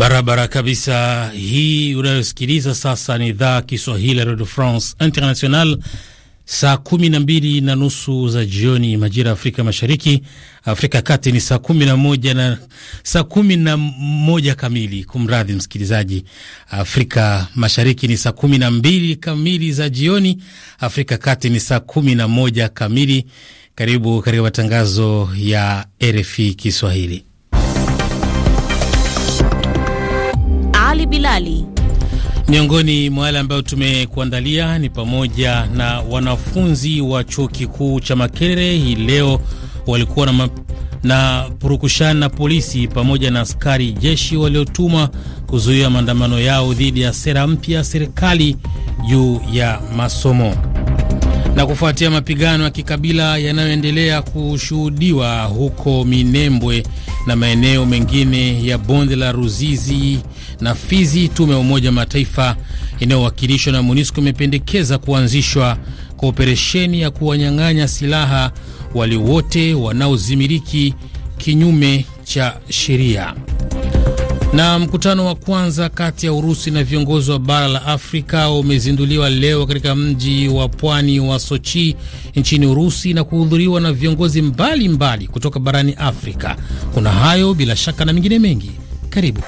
Barabara kabisa. Hii unayosikiliza sasa ni idhaa Kiswahili ya Radio France International. Saa kumi na mbili na nusu za jioni majira ya Afrika Mashariki, Afrika ya Kati ni saa kumi na moja na saa kumi na moja kamili. Kumradhi msikilizaji, Afrika Mashariki ni saa kumi na mbili kamili za jioni, Afrika Kati ni saa kumi na moja kamili. Karibu katika matangazo ya RFI Kiswahili. Ali Bilali. Miongoni mwa yale ambayo tumekuandalia ni pamoja na wanafunzi wa chuo kikuu cha Makerere hii leo walikuwa na, na purukushani na polisi pamoja na askari jeshi waliotumwa kuzuia maandamano yao dhidi ya sera mpya ya serikali juu ya masomo. Na kufuatia mapigano ya kikabila yanayoendelea kushuhudiwa huko Minembwe na maeneo mengine ya bonde la Ruzizi na Fizi, tume ya Umoja Mataifa inayowakilishwa na MONUSCO imependekeza kuanzishwa kwa operesheni ya kuwanyang'anya silaha wale wote wanaozimiliki kinyume cha sheria. Na mkutano wa kwanza kati ya Urusi na viongozi wa bara la Afrika umezinduliwa leo katika mji wa pwani wa Sochi nchini Urusi na kuhudhuriwa na viongozi mbalimbali mbali kutoka barani Afrika. Kuna hayo bila shaka na mengine mengi. Karibu.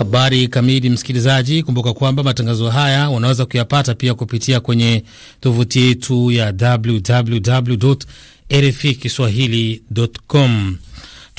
Habari kamili, msikilizaji, kumbuka kwamba matangazo haya unaweza kuyapata pia kupitia kwenye tovuti yetu ya www RFI Kiswahili.com.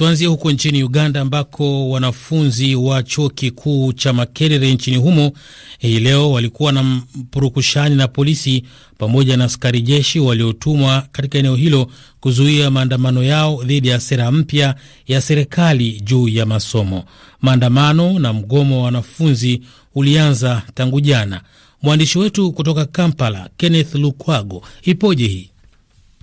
Tuanzie huko nchini Uganda ambako wanafunzi wa chuo kikuu cha Makerere nchini humo hii leo walikuwa na mpurukushani na polisi pamoja na askari jeshi waliotumwa katika eneo hilo kuzuia maandamano yao dhidi ya sera mpya ya serikali juu ya masomo. Maandamano na mgomo wa wanafunzi ulianza tangu jana. Mwandishi wetu kutoka Kampala, Kenneth Lukwago, ipoje hii?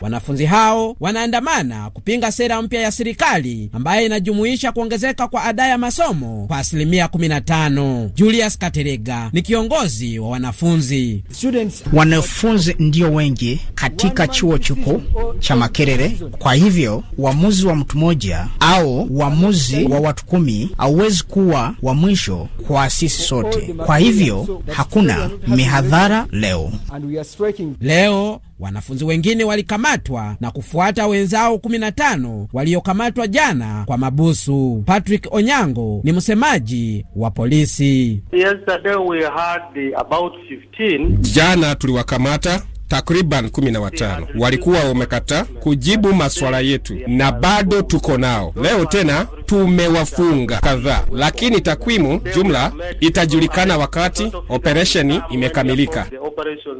Wanafunzi hao wanaandamana kupinga sera mpya ya serikali ambayo inajumuisha kuongezeka kwa ada ya masomo kwa asilimia 15. Julius Katerega ni kiongozi wa wanafunzi. Wanafunzi ndio wengi katika chuo chuku cha Makerere, kwa hivyo uamuzi wa mtu mmoja au uamuzi wa watu kumi hauwezi kuwa wa mwisho kwa sisi sote. Kwa hivyo hakuna mihadhara leo leo Wanafunzi wengine walikamatwa na kufuata wenzao 15 waliokamatwa jana kwa mabusu. Patrick Onyango ni msemaji wa polisi. Yesterday we had about 15. Jana tuliwakamata takriban 15 walikuwa wamekataa kujibu maswala yetu, na bado tuko nao leo. Tena tumewafunga kadhaa, lakini takwimu jumla itajulikana wakati operesheni imekamilika.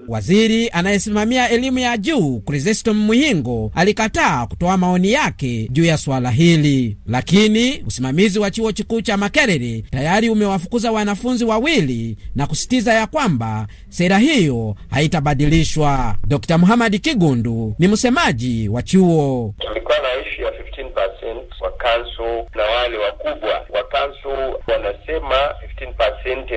Waziri anayesimamia elimu ya juu Chrysostom muhingo alikataa kutoa maoni yake juu ya swala hili, lakini usimamizi wa chuo kikuu cha Makerere tayari umewafukuza wanafunzi wawili na kusitiza ya kwamba sera hiyo haitabadilishwa. Dr. Muhamadi Kigundu ni msemaji wa chuo. Tulikuwa na ishu ya 15% wa kansu na wale wakubwa wa kansu wanasema 15% ni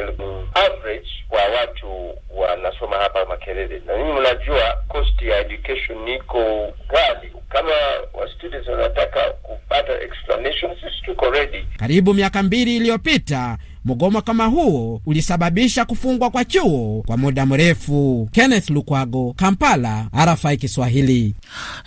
average wa watu wanasoma hapa Makerere, na ninyi mnajua cost ya education niko ghali kama wa students wanataka kupata explanations, tuko ready. Karibu miaka mbili iliyopita Mgomo kama huo ulisababisha kufungwa kwa chuo kwa muda mrefu. Kenneth Lukwago, Kampala, RFI Kiswahili.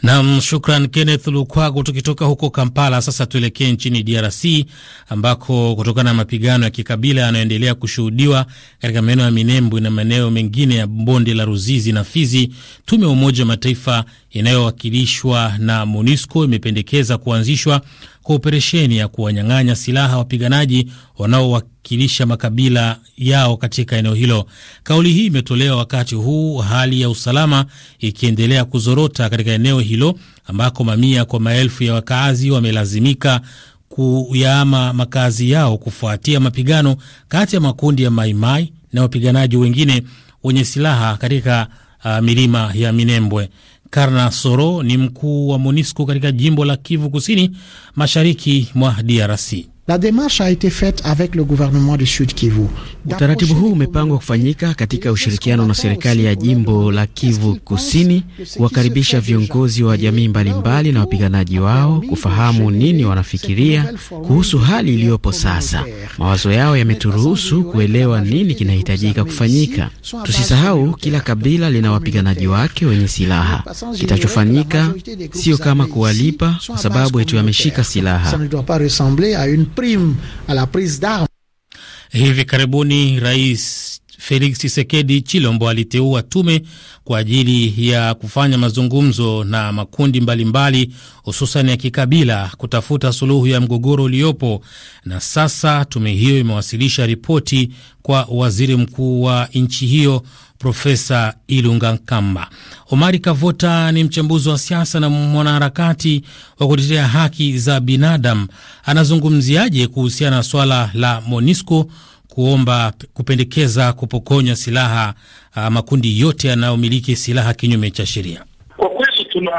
Nam, shukran Kenneth Lukwago. Tukitoka huko Kampala sasa tuelekee nchini DRC ambako kutokana na mapigano ya kikabila yanayoendelea kushuhudiwa katika maeneo ya Minembwe na maeneo mengine ya bonde la Ruzizi na Fizi, tume ya Umoja wa Mataifa inayowakilishwa na MONUSCO imependekeza kuanzishwa kwa operesheni ya kuwanyang'anya silaha wapiganaji wanaowakilisha makabila yao katika eneo hilo. Kauli hii imetolewa wakati huu hali ya usalama ikiendelea kuzorota katika eneo hilo ambako mamia kwa maelfu ya wakaazi wamelazimika kuyaama makazi yao kufuatia mapigano kati ya makundi ya Maimai na wapiganaji wengine wenye silaha katika uh, milima ya Minembwe. Karna Soro ni mkuu wa MONUSCO katika jimbo la Kivu Kusini, mashariki mwa DRC. La démarche a été faite avec le gouvernement du Sud Kivu. Utaratibu huu umepangwa kufanyika katika ushirikiano na serikali ya jimbo la Kivu Kusini, kuwakaribisha viongozi wa jamii mbalimbali na wapiganaji wao, kufahamu nini wanafikiria kuhusu hali iliyopo sasa. Mawazo yao yameturuhusu kuelewa nini kinahitajika kufanyika. Tusisahau, kila kabila lina wapiganaji wake wenye silaha. Kitachofanyika sio kama kuwalipa, kwa sababu eti wameshika silaha prime à la prise d'armes. Hivi karibuni Rais Felix Tshisekedi Chilombo aliteua tume kwa ajili ya kufanya mazungumzo na makundi mbalimbali hususan ya kikabila kutafuta suluhu ya mgogoro uliopo, na sasa tume hiyo imewasilisha ripoti kwa waziri mkuu wa nchi hiyo Profesa Ilunga Nkamba. Omari Kavota ni mchambuzi wa siasa na mwanaharakati wa kutetea haki za binadamu. Anazungumziaje kuhusiana na swala la MONUSCO kuomba kupendekeza kupokonywa silaha uh, makundi yote yanayomiliki silaha kinyume cha sheria? Kwa kweli tuna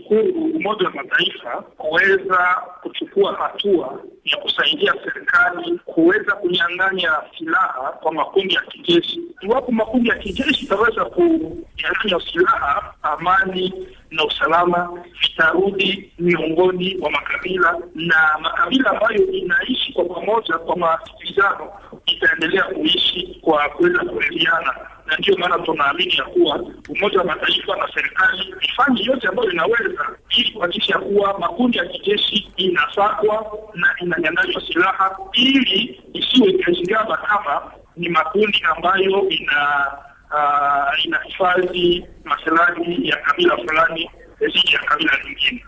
kushukuru Umoja wa Mataifa kuweza kuchukua hatua ya kusaidia serikali kuweza kunyang'anya silaha kwa makundi ya kijeshi. Iwapo makundi ya kijeshi itaweza kunyang'anya silaha, amani na usalama vitarudi miongoni mwa makabila, na makabila ambayo inaishi kwa pamoja kwa masikilizano itaendelea kuishi kwa kuweza kuridhiana na ndiyo maana tunaamini ya kuwa Umoja wa Mataifa na serikali ifanye yote ambayo inaweza ili kuhakikisha kuwa makundi ya kijeshi inasakwa na inanyang'anywa silaha ili isiwe ikashigama kama ni makundi ambayo ina uh, inahifadhi masilahi ya kabila fulani dhidi ya kabila lingine.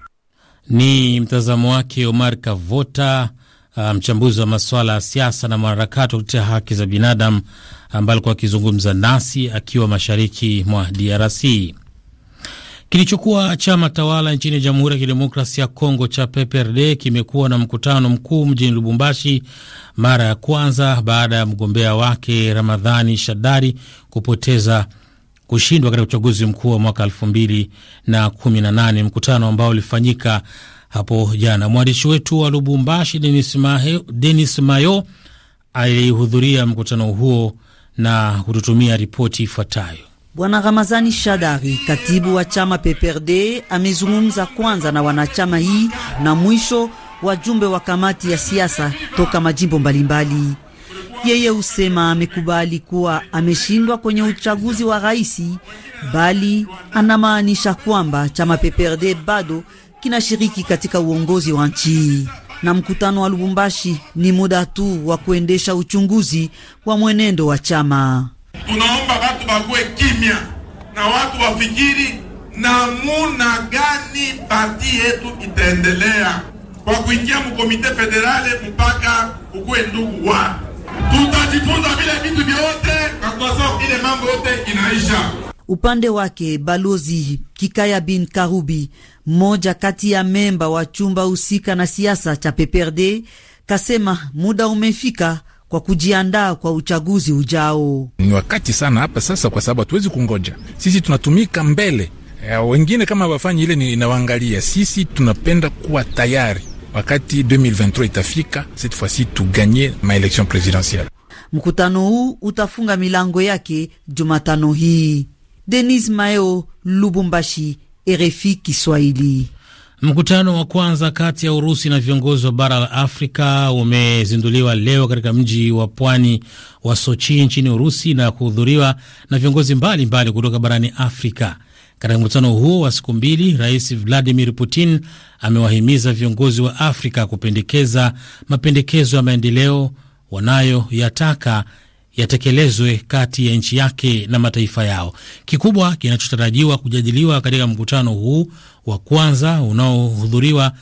Ni mtazamo wake Omar Kavota, Uh, mchambuzi um, wa masuala ya siasa na mwanaharakati wa kutetea haki za binadamu ambaye alikuwa akizungumza nasi akiwa mashariki mwa DRC. Kilichokuwa chama tawala nchini Jamhuri ya Kidemokrasia ya Kongo cha PPRD kimekuwa na mkutano mkuu mjini Lubumbashi mara ya kwanza baada ya mgombea wake Ramadhani Shadari kupoteza kushindwa katika uchaguzi mkuu wa mwaka elfu mkutano ambao ulifanyika hapo jana. Mwandishi wetu wa Lubumbashi Denis Mayo alihudhuria mkutano huo na kututumia ripoti ifuatayo. Bwana Ramazani Shadari, katibu wa chama PPRD, amezungumza kwanza na wanachama hii na mwisho wajumbe wa kamati ya siasa toka majimbo mbalimbali. Yeye husema amekubali kuwa ameshindwa kwenye uchaguzi wa raisi bali anamaanisha kwamba chama PPRD bado kinashiriki katika uongozi wa nchi na mkutano wa Lubumbashi ni muda tu wa kuendesha uchunguzi wa mwenendo wa chama. Tunaomba watu wakuwe kimya na watu wafikiri namuna gani parti yetu itaendelea kwa kuingia mukomite federale mpaka ukuwe ndugu wa tutajifunza vile vitu vyote, kwa ile mambo yote inaisha. Upande wake Balozi Kikaya bin Karubi, mmoja kati ya memba wa chumba husika na siasa cha PPRD, kasema muda umefika kwa kujiandaa kwa uchaguzi ujao. Ni wakati sana hapa sasa, kwa sababu hatuwezi kungoja. Sisi tunatumika mbele, eh, wengine kama wafanyi ile inawaangalia. Sisi tunapenda kuwa tayari wakati 2023 itafika, cette fois-ci tuganye election presidentielle. Mkutano huu utafunga milango yake Jumatano hii. Denis Mayo, Lubumbashi, RFI Kiswahili. Mkutano wa kwanza kati ya Urusi na viongozi wa bara la Afrika umezinduliwa leo katika mji wa pwani wa Sochi nchini Urusi na kuhudhuriwa na viongozi mbalimbali kutoka barani Afrika. Katika mkutano huo wa siku mbili, Rais Vladimir Putin amewahimiza viongozi wa Afrika kupendekeza mapendekezo ya maendeleo wanayoyataka yatekelezwe kati ya nchi yake na mataifa yao. Kikubwa kinachotarajiwa kujadiliwa katika mkutano huu wa kwanza unaohudhuriwa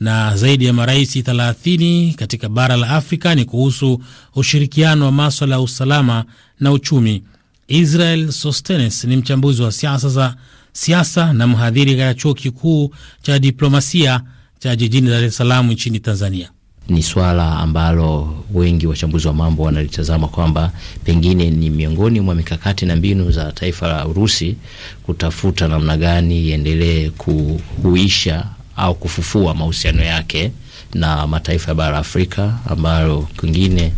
na zaidi ya marais 30 katika bara la Afrika ni kuhusu ushirikiano wa maswala ya usalama na uchumi. Israel Sostenes ni mchambuzi wa siasa za siasa na mhadhiri katika chuo kikuu cha diplomasia cha jijini Dar es Salaam nchini Tanzania ni swala ambalo wengi wachambuzi wa mambo wanalitazama kwamba pengine ni miongoni mwa mikakati na mbinu za taifa la Urusi kutafuta namna gani iendelee kuhuisha au kufufua mahusiano yake na mataifa ya bara Afrika ambayo kwingine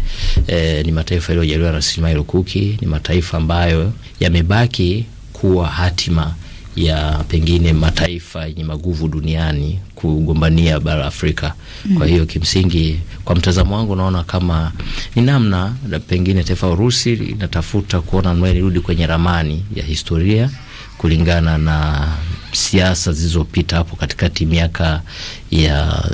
eh, ni mataifa yaliyojaliwa na rasilimali lukuki, ni mataifa ambayo yamebaki kuwa hatima ya pengine mataifa yenye maguvu duniani kugombania bara Afrika. Mm. Kwa hiyo kimsingi, kwa mtazamo wangu, naona kama ni namna pengine taifa la Urusi linatafuta kuona nirudi kwenye ramani ya historia kulingana na siasa zilizopita hapo katikati miaka ya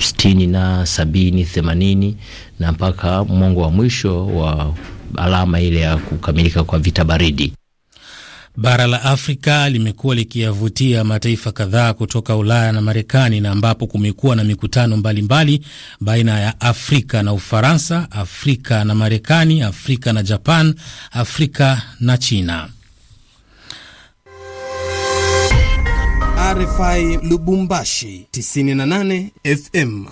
sitini na sabini themanini na mpaka mwongo wa mwisho wa alama ile ya kukamilika kwa vita baridi. Bara la Afrika limekuwa likiyavutia mataifa kadhaa kutoka Ulaya na Marekani, na ambapo kumekuwa na mikutano mbalimbali mbali, baina ya Afrika na Ufaransa, Afrika na Marekani, Afrika na Japan, Afrika na China. RFI Lubumbashi 98 FM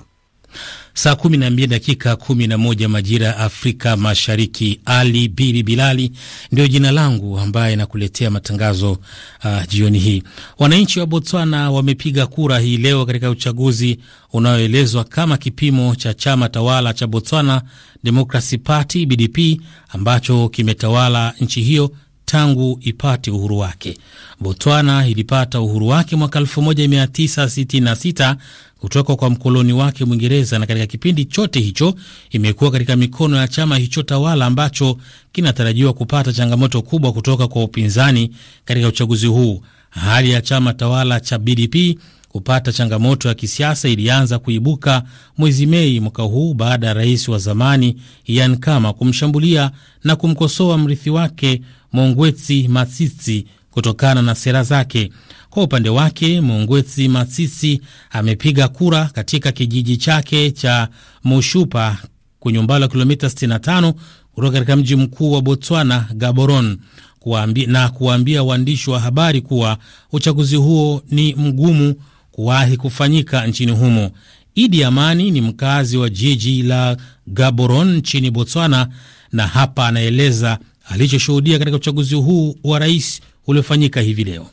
saa 12 dakika 11 majira ya Afrika Mashariki. Ali Bili Bilali ndio jina langu ambaye nakuletea matangazo uh, jioni hii. Wananchi wa Botswana wamepiga kura hii leo katika uchaguzi unaoelezwa kama kipimo cha chama tawala cha Botswana Democracy Party BDP ambacho kimetawala nchi hiyo tangu ipate uhuru wake. Botswana ilipata uhuru wake mwaka 1966 kutoka kwa mkoloni wake Mwingereza, na katika kipindi chote hicho imekuwa katika mikono ya chama hicho tawala ambacho kinatarajiwa kupata changamoto kubwa kutoka kwa upinzani katika uchaguzi huu. Hali ya chama tawala cha BDP kupata changamoto ya kisiasa ilianza kuibuka mwezi Mei mwaka huu baada ya rais wa zamani Ian Kama kumshambulia na kumkosoa mrithi wake Mongwetsi Masisi kutokana na sera zake. Kwa upande wake, Mongwetsi Masisi amepiga kura katika kijiji chake cha Moshupa kwenye umbali wa kilomita 65 kutoka katika mji mkuu wa Botswana, Gaborone kuambi, na kuwaambia waandishi wa habari kuwa uchaguzi huo ni mgumu kuwahi kufanyika nchini humo. Idi Amani ni mkazi wa jiji la Gaborone nchini Botswana, na hapa anaeleza alichoshuhudia katika uchaguzi huu wa rais uliofanyika hivi leo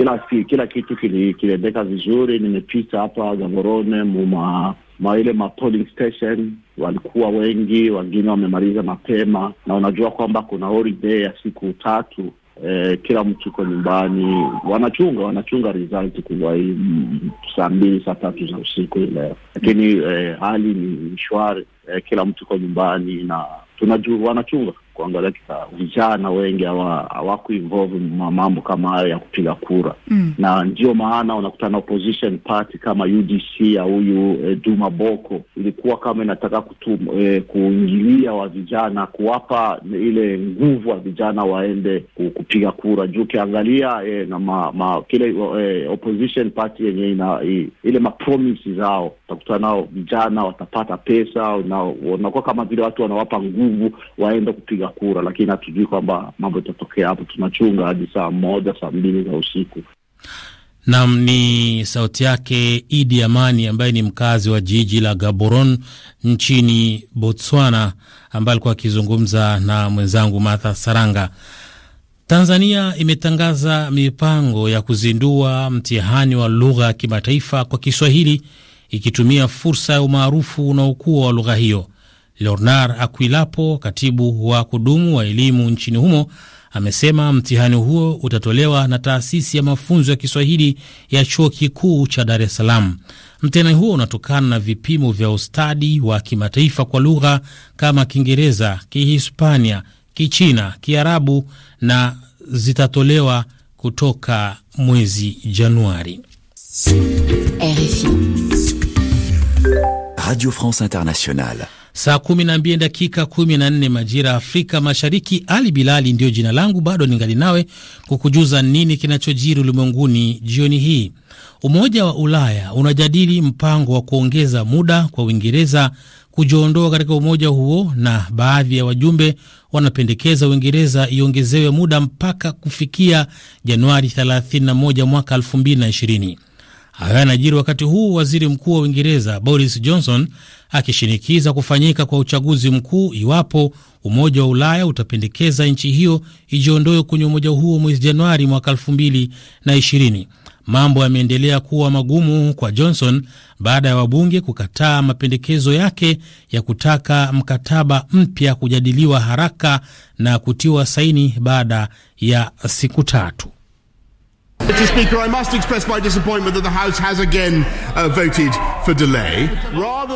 kila kila kitu kiliendeka vizuri. Nimepita hapa Gaborone muma ma ile ma polling station walikuwa wengi, wengine wamemaliza mapema, na unajua kwamba kuna holiday ya siku tatu. Eh, kila mtu uko nyumbani, wanachunga wanachunga result kwa hii saa mbili saa tatu za usiku ileo lakini eh, hali ni shwari eh, kila mtu uko nyumbani na tunajua wanachunga kuangalia kisa vijana wengi hawakuinvolve mambo kama hayo ya kupiga kura mm. na ndio maana unakutana opposition party kama UDC ya huyu eh, Duma Boko ilikuwa kama inataka kutum, eh, kuingilia wa vijana kuwapa ile nguvu wa vijana waende kupiga kura juu ukiangalia eh, na ma, ma, kile eh, opposition party yenye ina i, ile mapromise zao utakutana nao vijana watapata pesa na unakuwa kama vile watu wanawapa nguvu waende kupiga kura, lakini hatujui kwamba mambo yatatokea hapo. Tunachunga hadi saa moja saa mbili za usiku. Nam ni sauti yake Idi Amani ambaye ni mkazi wa jiji la Gaborone nchini Botswana, ambaye alikuwa akizungumza na mwenzangu Martha Saranga. Tanzania imetangaza mipango ya kuzindua mtihani wa lugha ya kimataifa kwa Kiswahili ikitumia fursa ya umaarufu unaokuwa wa lugha hiyo. Leonard Akwilapo, katibu wa kudumu wa elimu nchini humo, amesema mtihani huo utatolewa na taasisi ya mafunzo ya Kiswahili ya chuo kikuu cha Dar es Salaam. Mtihani huo unatokana na vipimo vya ustadi wa kimataifa kwa lugha kama Kiingereza, Kihispania, Kichina, Kiarabu na zitatolewa kutoka mwezi Januari. RFI Radio France Internationale saa mbili dakika 14 majira ya Afrika Mashariki. Ali Bilali ndiyo jina langu, bado ningali nawe kukujuza nini kinachojiri ulimwenguni jioni hii. Umoja wa Ulaya unajadili mpango wa kuongeza muda kwa Uingereza kujiondoa katika umoja huo, na baadhi ya wajumbe wanapendekeza Uingereza iongezewe muda mpaka kufikia Januari 31 mwaka 2020. Hayo yanajiri wakati huu waziri mkuu wa Uingereza Boris Johnson akishinikiza kufanyika kwa uchaguzi mkuu iwapo Umoja wa Ulaya utapendekeza nchi hiyo ijiondoe kwenye umoja huo mwezi Januari mwaka 220 Mambo yameendelea kuwa magumu kwa Johnson baada ya wabunge kukataa mapendekezo yake ya kutaka mkataba mpya kujadiliwa haraka na kutiwa saini baada ya siku tatu. Mr. Speaker, I must express my disappointment that the House has again uh, voted for delay.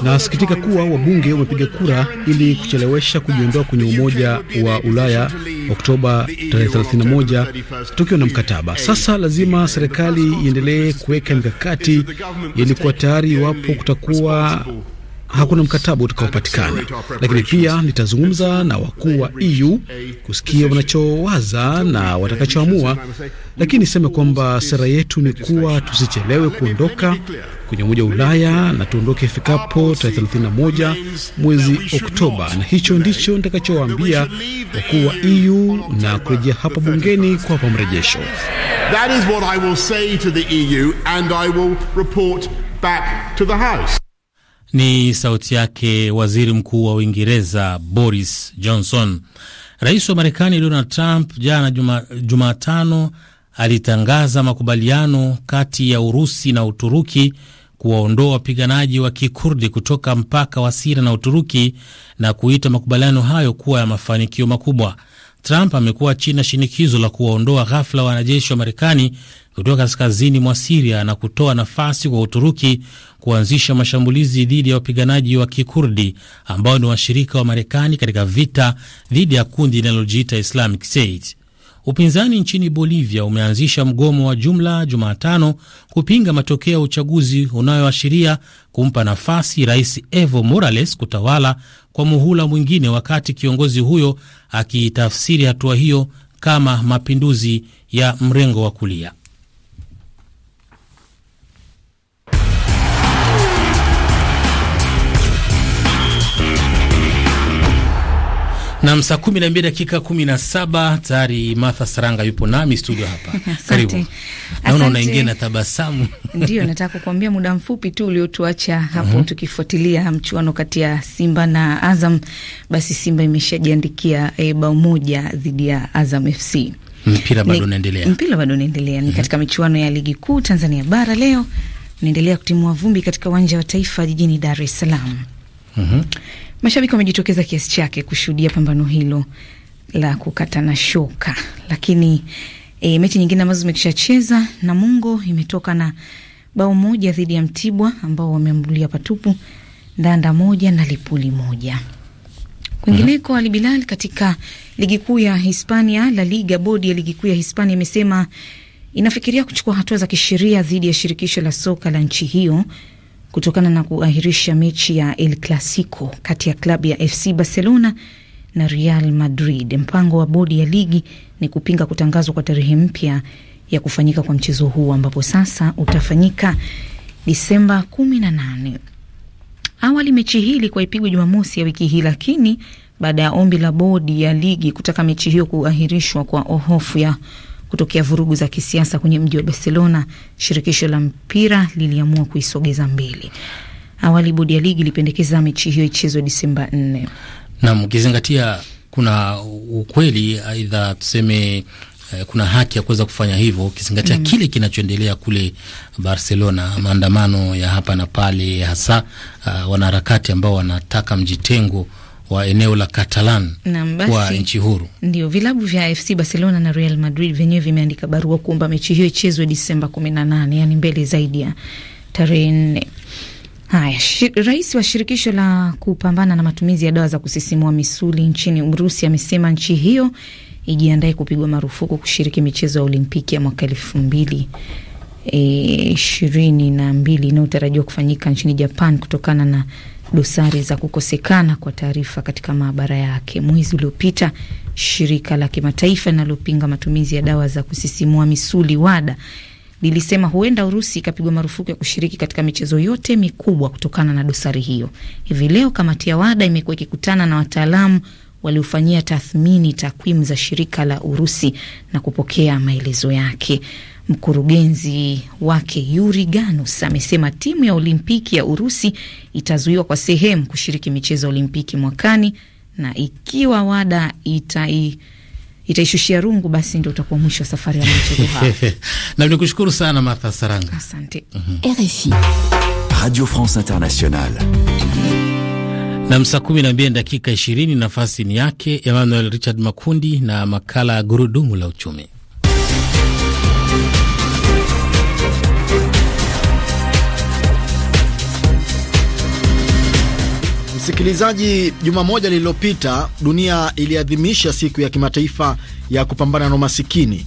Nasikitika kuwa wabunge wamepiga kura ili kuchelewesha kujiondoa kwenye Umoja wa Ulaya Oktoba 31 tukiwa na mkataba. Sasa lazima serikali iendelee kuweka mikakati ili kuwa tayari iwapo kutakuwa hakuna mkataba utakaopatikana, lakini pia nitazungumza na wakuu wa EU kusikia wanachowaza na watakachoamua. Lakini niseme kwamba sera yetu ni kuwa tusichelewe kuondoka kwenye Umoja wa Ulaya na tuondoke ifikapo tarehe 31 mwezi Oktoba, na hicho ndicho nitakachowaambia wakuu wa EU na kurejea hapa bungeni kuwapa mrejesho. That is what I will say to the EU and I will report back to the House. Ni sauti yake waziri mkuu wa Uingereza Boris Johnson. Rais wa Marekani Donald Trump jana Jumatano juma alitangaza makubaliano kati ya Urusi na Uturuki kuwaondoa wapiganaji wa kikurdi kutoka mpaka wa Siria na Uturuki na kuita makubaliano hayo kuwa ya mafanikio makubwa. Trump amekuwa chini ya shinikizo la kuwaondoa ghafla wanajeshi wa Marekani kutoka kaskazini mwa Siria na kutoa nafasi kwa Uturuki kuanzisha mashambulizi dhidi ya wapiganaji wa Kikurdi ambao ni washirika wa Marekani katika vita dhidi ya kundi linalojiita Islamic State. Upinzani nchini Bolivia umeanzisha mgomo wa jumla Jumatano kupinga matokeo ya uchaguzi unayoashiria kumpa nafasi Rais Evo Morales kutawala kwa muhula mwingine, wakati kiongozi huyo akiitafsiri hatua hiyo kama mapinduzi ya mrengo wa kulia. Nam, saa kumi na mbili dakika kumi na saba tayari. Martha Saranga yupo nami studio hapa, karibu. Naona unaingia na tabasamu ndio nataka kukuambia, muda mfupi tu uliotuacha hapo, uhum, tukifuatilia mchuano kati ya Simba na Azam, basi Simba imeshajiandikia e, bao moja dhidi ya Azam FC. Mpira bado unaendelea, mpira bado unaendelea, ni mhm. katika michuano ya ligi kuu Tanzania bara. Leo naendelea kutimua vumbi katika uwanja wa Taifa jijini Dar es Salaam. Mhm. Mashabiki wamejitokeza kiasi chake kushuhudia pambano hilo la kukatana shoka, lakini e, mechi nyingine ambazo zimekisha cheza Namungo imetoka na bao moja dhidi ya Mtibwa ambao wameambulia patupu, Ndanda moja na Lipuli moja. Kwingineko mm -hmm. Alibilal katika ligi kuu ya Hispania, La Liga, bodi ya ligi kuu ya Hispania imesema inafikiria kuchukua hatua za kisheria dhidi ya shirikisho la soka la nchi hiyo kutokana na kuahirisha mechi ya El Clasico kati ya klabu ya FC Barcelona na Real Madrid. Mpango wa bodi ya ligi ni kupinga kutangazwa kwa tarehe mpya ya kufanyika kwa mchezo huu ambapo sasa utafanyika Disemba kumi na nane. Awali mechi hii ilikuwa ipigwe Jumamosi ya wiki hii, lakini baada ya ombi la bodi ya ligi kutaka mechi hiyo kuahirishwa kwa hofu ya kutokea vurugu za kisiasa kwenye mji wa Barcelona, shirikisho la mpira liliamua kuisogeza mbele. Awali bodi ya ligi ilipendekeza mechi hiyo ichezwe Disemba 4. Naam, ukizingatia kuna ukweli aidha tuseme eh, kuna haki ya kuweza kufanya hivyo ukizingatia mm, kile kinachoendelea kule Barcelona, maandamano ya hapa na pale, hasa uh, wanaharakati ambao wanataka mjitengo wa eneo la Catalan kwa nchi huru. Ndio vilabu vya FC Barcelona na Real Madrid vyenyewe vimeandika barua kuomba mechi hiyo ichezwe Disemba 18, yani mbele zaidi ya tarehe nne. Haya, rais wa shirikisho la kupambana na matumizi ya dawa za kusisimua misuli nchini Urusi amesema nchi hiyo ijiandae kupigwa marufuku kushiriki michezo ya Olimpiki ya mwaka elfu mbili eh, ishirini na mbili inayotarajiwa kufanyika nchini Japan kutokana na dosari za kukosekana kwa taarifa katika maabara yake. Mwezi uliopita shirika la kimataifa linalopinga matumizi ya dawa za kusisimua misuli WADA lilisema huenda Urusi ikapigwa marufuku ya kushiriki katika michezo yote mikubwa kutokana na dosari hiyo. Hivi leo kamati ya WADA imekuwa ikikutana na wataalamu waliofanyia tathmini takwimu za shirika la Urusi na kupokea maelezo yake. Mkurugenzi wake Yuri Ganus amesema timu ya Olimpiki ya Urusi itazuiwa kwa sehemu kushiriki michezo ya Olimpiki mwakani, na ikiwa WADA itai itaishushia rungu basi ndio utakuwa mwisho wa safari ya michezo hao. Na nikushukuru sana Martha Saranga. Asante. Mm -hmm. RFI. Radio France Internationale. Na saa 12 dakika 20 nafasi ni yake Emmanuel Richard Makundi na makala ya gurudumu la uchumi. Msikilizaji, juma moja lililopita dunia iliadhimisha siku ya kimataifa ya kupambana na umasikini.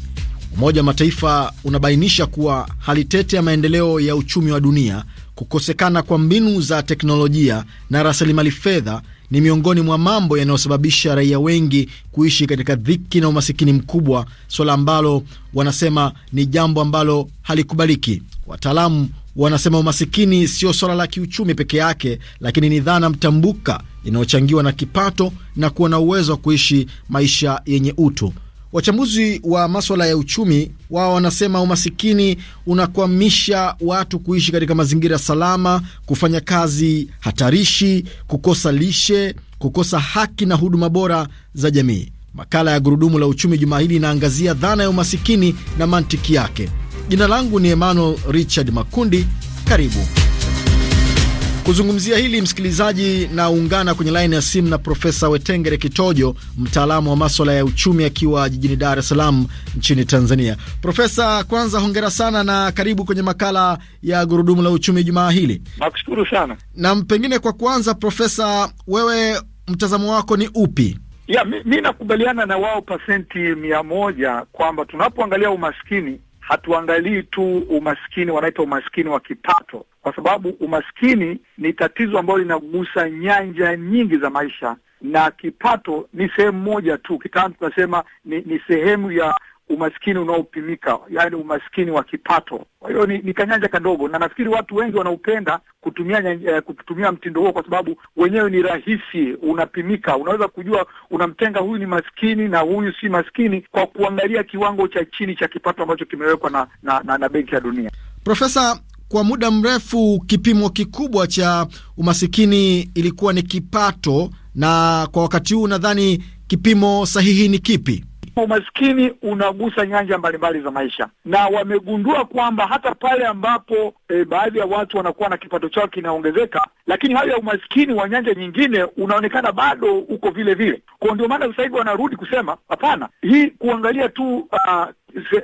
Umoja wa Mataifa unabainisha kuwa hali tete ya maendeleo ya uchumi wa dunia, kukosekana kwa mbinu za teknolojia na rasilimali fedha ni miongoni mwa mambo yanayosababisha raia wengi kuishi katika dhiki na umasikini mkubwa, suala ambalo wanasema ni jambo ambalo halikubaliki. Wataalamu wanasema umasikini sio swala la kiuchumi peke yake, lakini ni dhana mtambuka inayochangiwa na kipato na kuwa na uwezo wa kuishi maisha yenye utu. Wachambuzi wa maswala ya uchumi wao wanasema umasikini unakwamisha watu kuishi katika mazingira salama, kufanya kazi hatarishi, kukosa lishe, kukosa haki na huduma bora za jamii. Makala ya Gurudumu la Uchumi juma hili inaangazia dhana ya umasikini na mantiki yake. Jina langu ni Emmanuel Richard Makundi. Karibu kuzungumzia hili msikilizaji, na ungana kwenye laini ya simu na Profesa Wetengere Kitojo, mtaalamu wa maswala ya uchumi akiwa jijini Dar es Salaam nchini Tanzania. Profesa, kwanza hongera sana na karibu kwenye makala ya Gurudumu la Uchumi jumaa hili. Nakushukuru sana. Nam, pengine kwa kwanza, Profesa, wewe mtazamo wako ni upi? Ya, mi, mi nakubaliana na wao pasenti mia moja kwamba tunapoangalia umaskini hatuangalii tu umaskini, wanaita umaskini wa kipato, kwa sababu umaskini ni tatizo ambalo linagusa nyanja nyingi za maisha na kipato ni sehemu moja tu. Kitaalamu tunasema ni, ni sehemu ya umaskini unaopimika, yani umaskini wa kipato. Kwa hiyo ni, ni kanyanja kadogo, na nafikiri watu wengi wanaupenda kutumia uh, kutumia mtindo huo kwa sababu wenyewe ni rahisi, unapimika, unaweza kujua, unamtenga huyu ni maskini na huyu si maskini kwa kuangalia kiwango cha chini cha kipato ambacho kimewekwa na, na, na, na Benki ya Dunia. Profesa, kwa muda mrefu kipimo kikubwa cha umasikini ilikuwa ni kipato, na kwa wakati huu nadhani kipimo sahihi ni kipi? Umaskini unagusa nyanja mbalimbali za maisha, na wamegundua kwamba hata pale ambapo e, baadhi ya watu wanakuwa na kipato chao kinaongezeka, lakini hali ya umaskini wa nyanja nyingine unaonekana bado uko vile vile. kwao ndio maana sasa hivi wanarudi kusema hapana, hii kuangalia tu uh,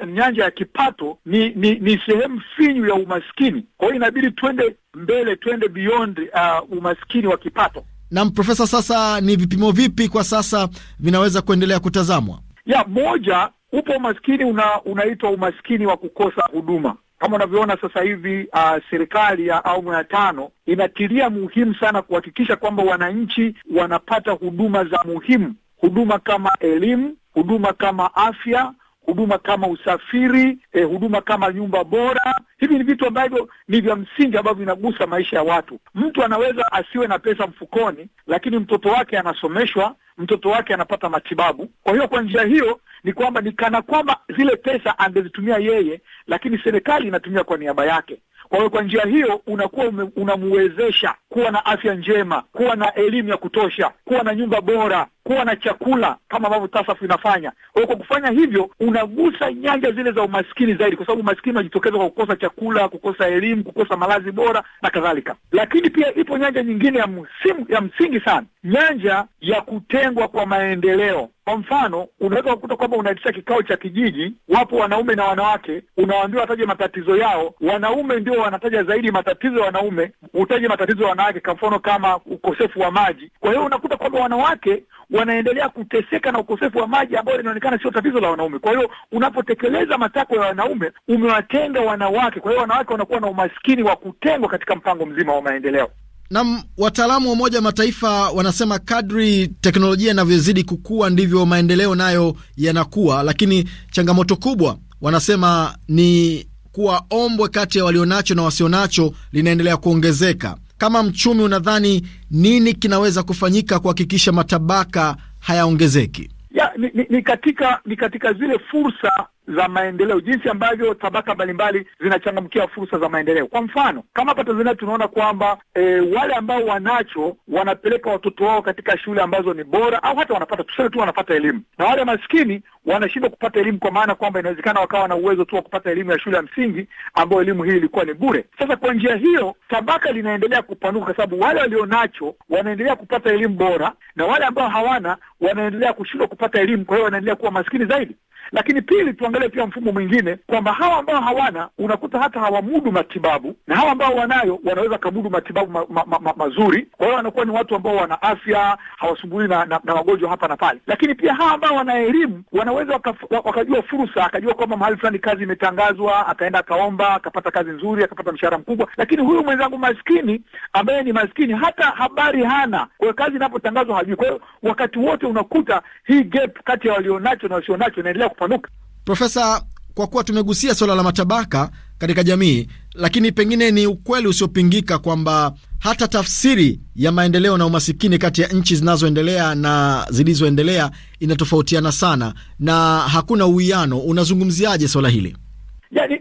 nyanja ya kipato ni ni, ni sehemu finyu ya umaskini. Kwa hiyo inabidi twende mbele, twende beyond uh, umaskini wa kipato. nam Profesa, sasa ni vipimo vipi kwa sasa vinaweza kuendelea kutazamwa? ya moja, upo umaskini una, unaitwa umaskini wa kukosa huduma kama unavyoona sasa hivi uh, serikali ya awamu ya tano inatilia muhimu sana kuhakikisha kwamba wananchi wanapata huduma za muhimu, huduma kama elimu, huduma kama afya, huduma kama usafiri eh, huduma kama nyumba bora. Hivi ni vitu ambavyo ni vya msingi ambavyo vinagusa maisha ya watu. Mtu anaweza asiwe na pesa mfukoni, lakini mtoto wake anasomeshwa, mtoto wake anapata matibabu. Kwa hiyo kwa njia hiyo ni kwamba ni kana kwamba zile pesa angezitumia yeye, lakini serikali inatumia kwa niaba yake. Kwa hiyo kwa njia hiyo unakuwa unamwezesha kuwa na afya njema, kuwa na elimu ya kutosha, kuwa na nyumba bora, kuwa na chakula kama ambavyo TASAF inafanya. Kwa kufanya hivyo, unagusa nyanja zile za umaskini zaidi, kwa sababu umaskini unajitokeza kwa kukosa chakula, kukosa elimu, kukosa malazi bora na kadhalika. Lakini pia ipo nyanja nyingine ya msimu, ya msingi sana, nyanja ya kutengwa kwa maendeleo. Kwa mfano, unaweza kukuta kwamba unaitisha kikao cha kijiji, wapo wanaume na wanawake, unawaambia wataje matatizo yao. Wanaume ndio wanataja zaidi matatizo ya wanaume, utaje matatizo ya wanawake, kwa mfano kama ukosefu wa maji. Kwa hiyo unakuta kwamba wanawake wanaendelea kuteseka na ukosefu wa maji ambayo linaonekana sio tatizo la wanaume. Kwa hiyo unapotekeleza matakwa ya wanaume umewatenga wanawake, kwa hiyo wanawake wanakuwa na umaskini wa kutengwa katika mpango mzima wa maendeleo. nam wataalamu wa Umoja wa Mataifa wanasema kadri teknolojia inavyozidi kukua ndivyo maendeleo nayo yanakuwa, lakini changamoto kubwa wanasema ni kuwa ombwe kati ya walionacho na wasionacho linaendelea kuongezeka. Kama mchumi, unadhani nini kinaweza kufanyika kuhakikisha matabaka hayaongezeki? Ya, ni, ni, ni katika ni katika zile fursa za maendeleo, jinsi ambavyo tabaka mbalimbali zinachangamkia fursa za maendeleo. Kwa mfano kama hapa Tanzania tunaona kwamba e, wale ambao wanacho wanapeleka watoto wao katika shule ambazo ni bora, au hata wanapata tuseme tu wanapata elimu, na wale maskini wanashindwa kupata elimu, kwa maana kwamba inawezekana wakawa na uwezo tu wa kupata elimu ya shule ya msingi ambayo elimu hii ilikuwa ni bure. Sasa kwa njia hiyo tabaka linaendelea kupanuka, kwa sababu wale walionacho wanaendelea kupata elimu bora na wale ambao hawana wanaendelea kushindwa kupata elimu, kwa hiyo wanaendelea kuwa maskini zaidi. Lakini pili tu tuangalie pia mfumo mwingine kwamba hawa ambao hawana unakuta hata hawamudu matibabu na hawa ambao wanayo wanaweza kamudu matibabu ma, ma, ma, ma, mazuri. Kwa hiyo wanakuwa ni watu ambao wana afya, hawasumbuli na, na, na magonjwa hapa na pale. Lakini pia hawa ambao wana elimu wanaweza waka, wakajua fursa, akajua kwamba mahali fulani kazi imetangazwa, akaenda akaomba, akapata kazi nzuri, akapata mshahara mkubwa. Lakini huyu mwenzangu maskini ambaye ni maskini hata habari hana, kwa hiyo kazi inapotangazwa hajui. Kwa hiyo wakati wote unakuta hii gap kati ya walionacho na wasionacho inaendelea kupanuka. Profesa, kwa kuwa tumegusia swala la matabaka katika jamii, lakini pengine ni ukweli usiopingika kwamba hata tafsiri ya maendeleo na umasikini kati ya nchi zinazoendelea na zilizoendelea inatofautiana sana na hakuna uwiano. Unazungumziaje swala hili?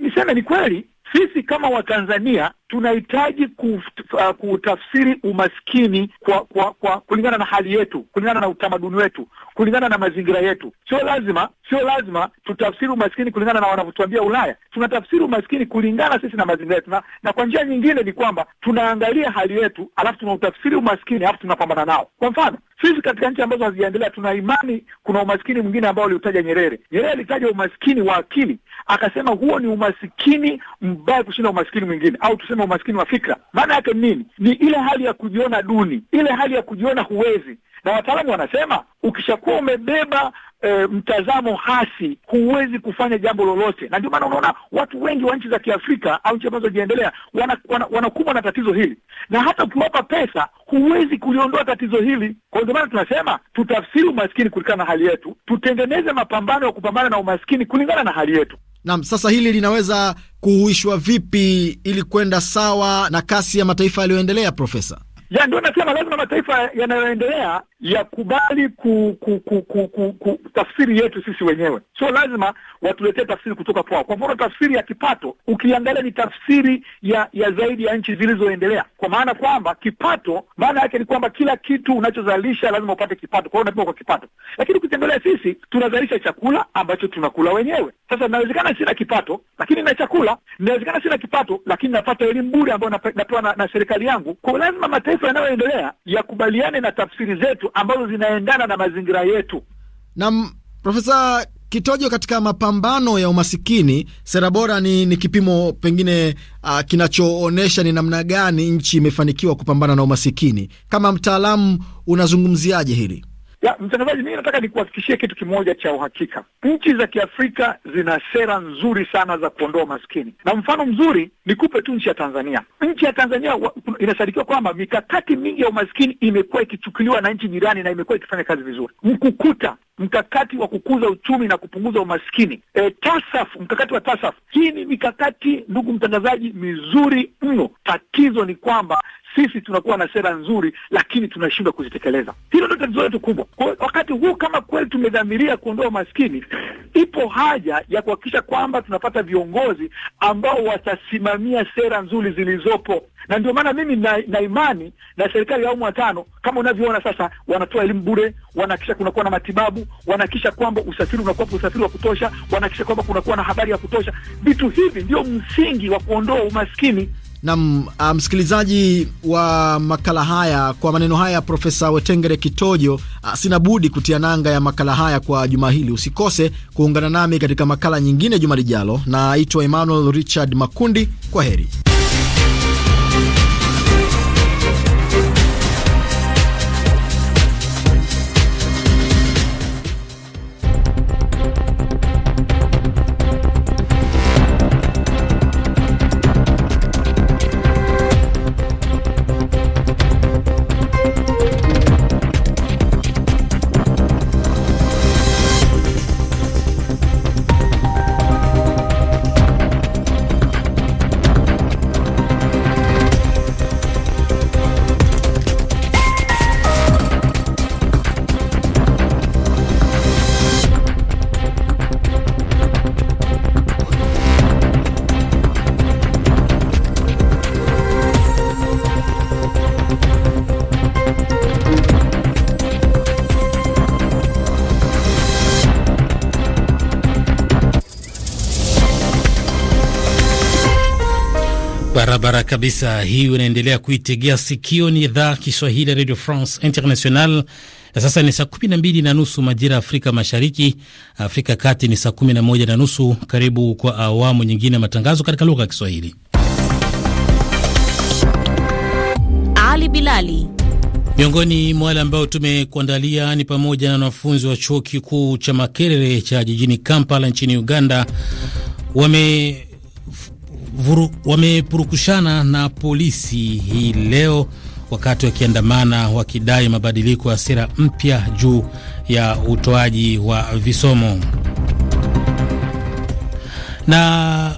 Niseme ni kweli, sisi kama Watanzania tunahitaji uh, kutafsiri umaskini kwa, kwa, kwa kulingana na hali yetu, kulingana na utamaduni wetu, kulingana na mazingira yetu. Sio lazima, sio lazima tutafsiri umaskini kulingana na wanavyotuambia Ulaya. Tunatafsiri umaskini kulingana sisi na mazingira yetu, na, na kwa njia nyingine ni kwamba tunaangalia hali yetu alafu tunautafsiri umaskini alafu tunapambana nao. Kwa mfano sisi katika nchi ambazo hazijaendelea tuna imani kuna umaskini mwingine ambao aliutaja Nyerere. Nyerere alitaja umaskini wa akili, akasema huo ni umaskini mbaya kushinda umaskini mwingine, au tuseme kama umaskini wa fikra. Maana yake nini? Ni ile hali ya kujiona duni, ile hali ya kujiona huwezi, na wataalamu wanasema ukishakuwa umebeba E, mtazamo hasi huwezi kufanya jambo lolote, na ndio maana unaona watu wengi wa nchi za Kiafrika au nchi ambazo jiendelea wanakumbwa wana, wana na tatizo hili, na hata ukiwapa pesa huwezi kuliondoa tatizo hili. Kwa ndio maana tunasema tutafsiri umaskini kulingana na hali yetu, tutengeneze mapambano ya kupambana na umaskini kulingana na hali yetu. Naam, sasa hili linaweza kuhuishwa vipi ili kwenda sawa na kasi ya mataifa yaliyoendelea, Profesa? ya ndio nasema lazima mataifa yanayoendelea yakubali ku, ku, ku, ku, ku, ku tafsiri yetu sisi wenyewe, sio lazima watuletee tafsiri kutoka kwao. Kwa mfano tafsiri ya kipato ukiangalia ni tafsiri ya ya zaidi ya nchi zilizoendelea, kwa maana kwamba kipato maana yake ni kwamba kila kitu unachozalisha lazima upate kipato, kwa hiyo unapima kwa kipato. Lakini ukitembelea sisi tunazalisha chakula ambacho tunakula wenyewe. Sasa inawezekana sina kipato lakini na chakula, inawezekana sina kipato lakini napata elimu bure ambayo napewa na, na serikali yangu. Kwa lazima mataifa mataifa yanayoendelea yakubaliane na tafsiri zetu ambazo zinaendana na mazingira yetu. Naam, Profesa Kitojo, katika mapambano ya umasikini sera bora ni, ni kipimo pengine uh, kinachoonyesha ni namna gani nchi imefanikiwa kupambana na umasikini. Kama mtaalamu unazungumziaje hili? Ya, mtangazaji, mimi nataka nikuhakikishie kitu kimoja cha uhakika. Nchi za Kiafrika zina sera nzuri sana za kuondoa maskini, na mfano mzuri nikupe tu nchi ya Tanzania. Nchi ya Tanzania inasadikiwa kwamba mikakati mingi ya umaskini imekuwa ikichukuliwa na nchi jirani na imekuwa ikifanya kazi vizuri. Mkukuta, mkakati wa kukuza uchumi na kupunguza umaskini. E, TASAF, mkakati wa TASAF. Hii ni mikakati, ndugu mtangazaji, mizuri mno. Tatizo ni kwamba sisi tunakuwa na sera nzuri, lakini tunashindwa kuzitekeleza. Hilo ndio tatizo letu kubwa kwa wakati huu. Kama kweli tumedhamiria kuondoa umaskini, ipo haja ya kuhakikisha kwamba tunapata viongozi ambao watasimamia sera nzuri zilizopo, na ndio maana mimi na, na imani na serikali ya awamu ya tano. Kama unavyoona sasa, wanatoa elimu bure, wanahakikisha kunakuwa na matibabu, wanahakikisha kwamba usafiri unakuwa usafiri wa kutosha, wanahakikisha kwamba kunakuwa na habari ya kutosha. Vitu hivi ndio msingi wa kuondoa umaskini. Nam ah, msikilizaji wa makala haya, kwa maneno haya Profesa Wetengere Kitojo, uh, sina budi kutia nanga ya makala haya kwa juma hili. Usikose kuungana nami katika makala nyingine juma lijalo. Naitwa Emmanuel Richard Makundi, kwa heri. Barabara kabisa hii Inaendelea kuitegea sikio, ni idhaa Kiswahili ya Radio France International. Na sasa ni saa kumi na mbili na nusu majira ya Afrika Mashariki, Afrika Kati ni saa kumi na moja na nusu. Karibu kwa awamu nyingine ya matangazo katika lugha ya Kiswahili. Ali Bilali miongoni mwa wale ambao tumekuandalia ni pamoja na wanafunzi wa chuo kikuu cha Makerere cha jijini Kampala nchini Uganda wame wamepurukushana na polisi hii leo wakati wakiandamana wakidai mabadiliko ya sera mpya juu ya utoaji wa visomo. Na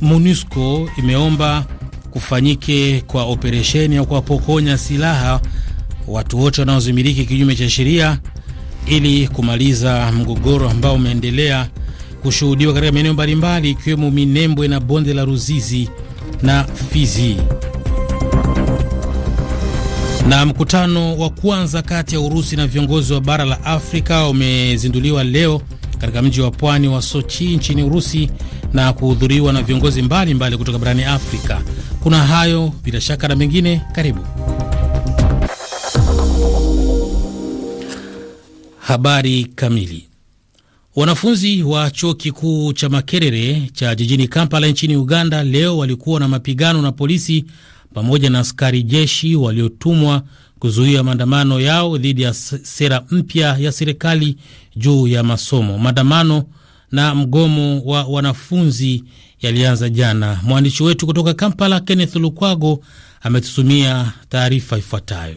MONUSCO imeomba kufanyike kwa operesheni ya kuwapokonya silaha watu wote wanaozimiliki kinyume cha sheria ili kumaliza mgogoro ambao umeendelea kushuhudiwa katika maeneo mbalimbali ikiwemo Minembwe na bonde la Ruzizi na Fizi. Na mkutano wa kwanza kati ya Urusi na viongozi wa bara la Afrika umezinduliwa leo katika mji wa pwani wa Sochi nchini Urusi na kuhudhuriwa na viongozi mbalimbali mbali kutoka barani Afrika. Kuna hayo bila shaka na mengine, karibu habari kamili. Wanafunzi wa chuo kikuu cha Makerere cha jijini Kampala nchini Uganda leo walikuwa na mapigano na polisi pamoja na askari jeshi waliotumwa kuzuia maandamano yao dhidi ya sera mpya ya serikali juu ya masomo. Maandamano na mgomo wa wanafunzi yalianza jana. Mwandishi wetu kutoka Kampala, Kenneth Lukwago, ametusumia taarifa ifuatayo.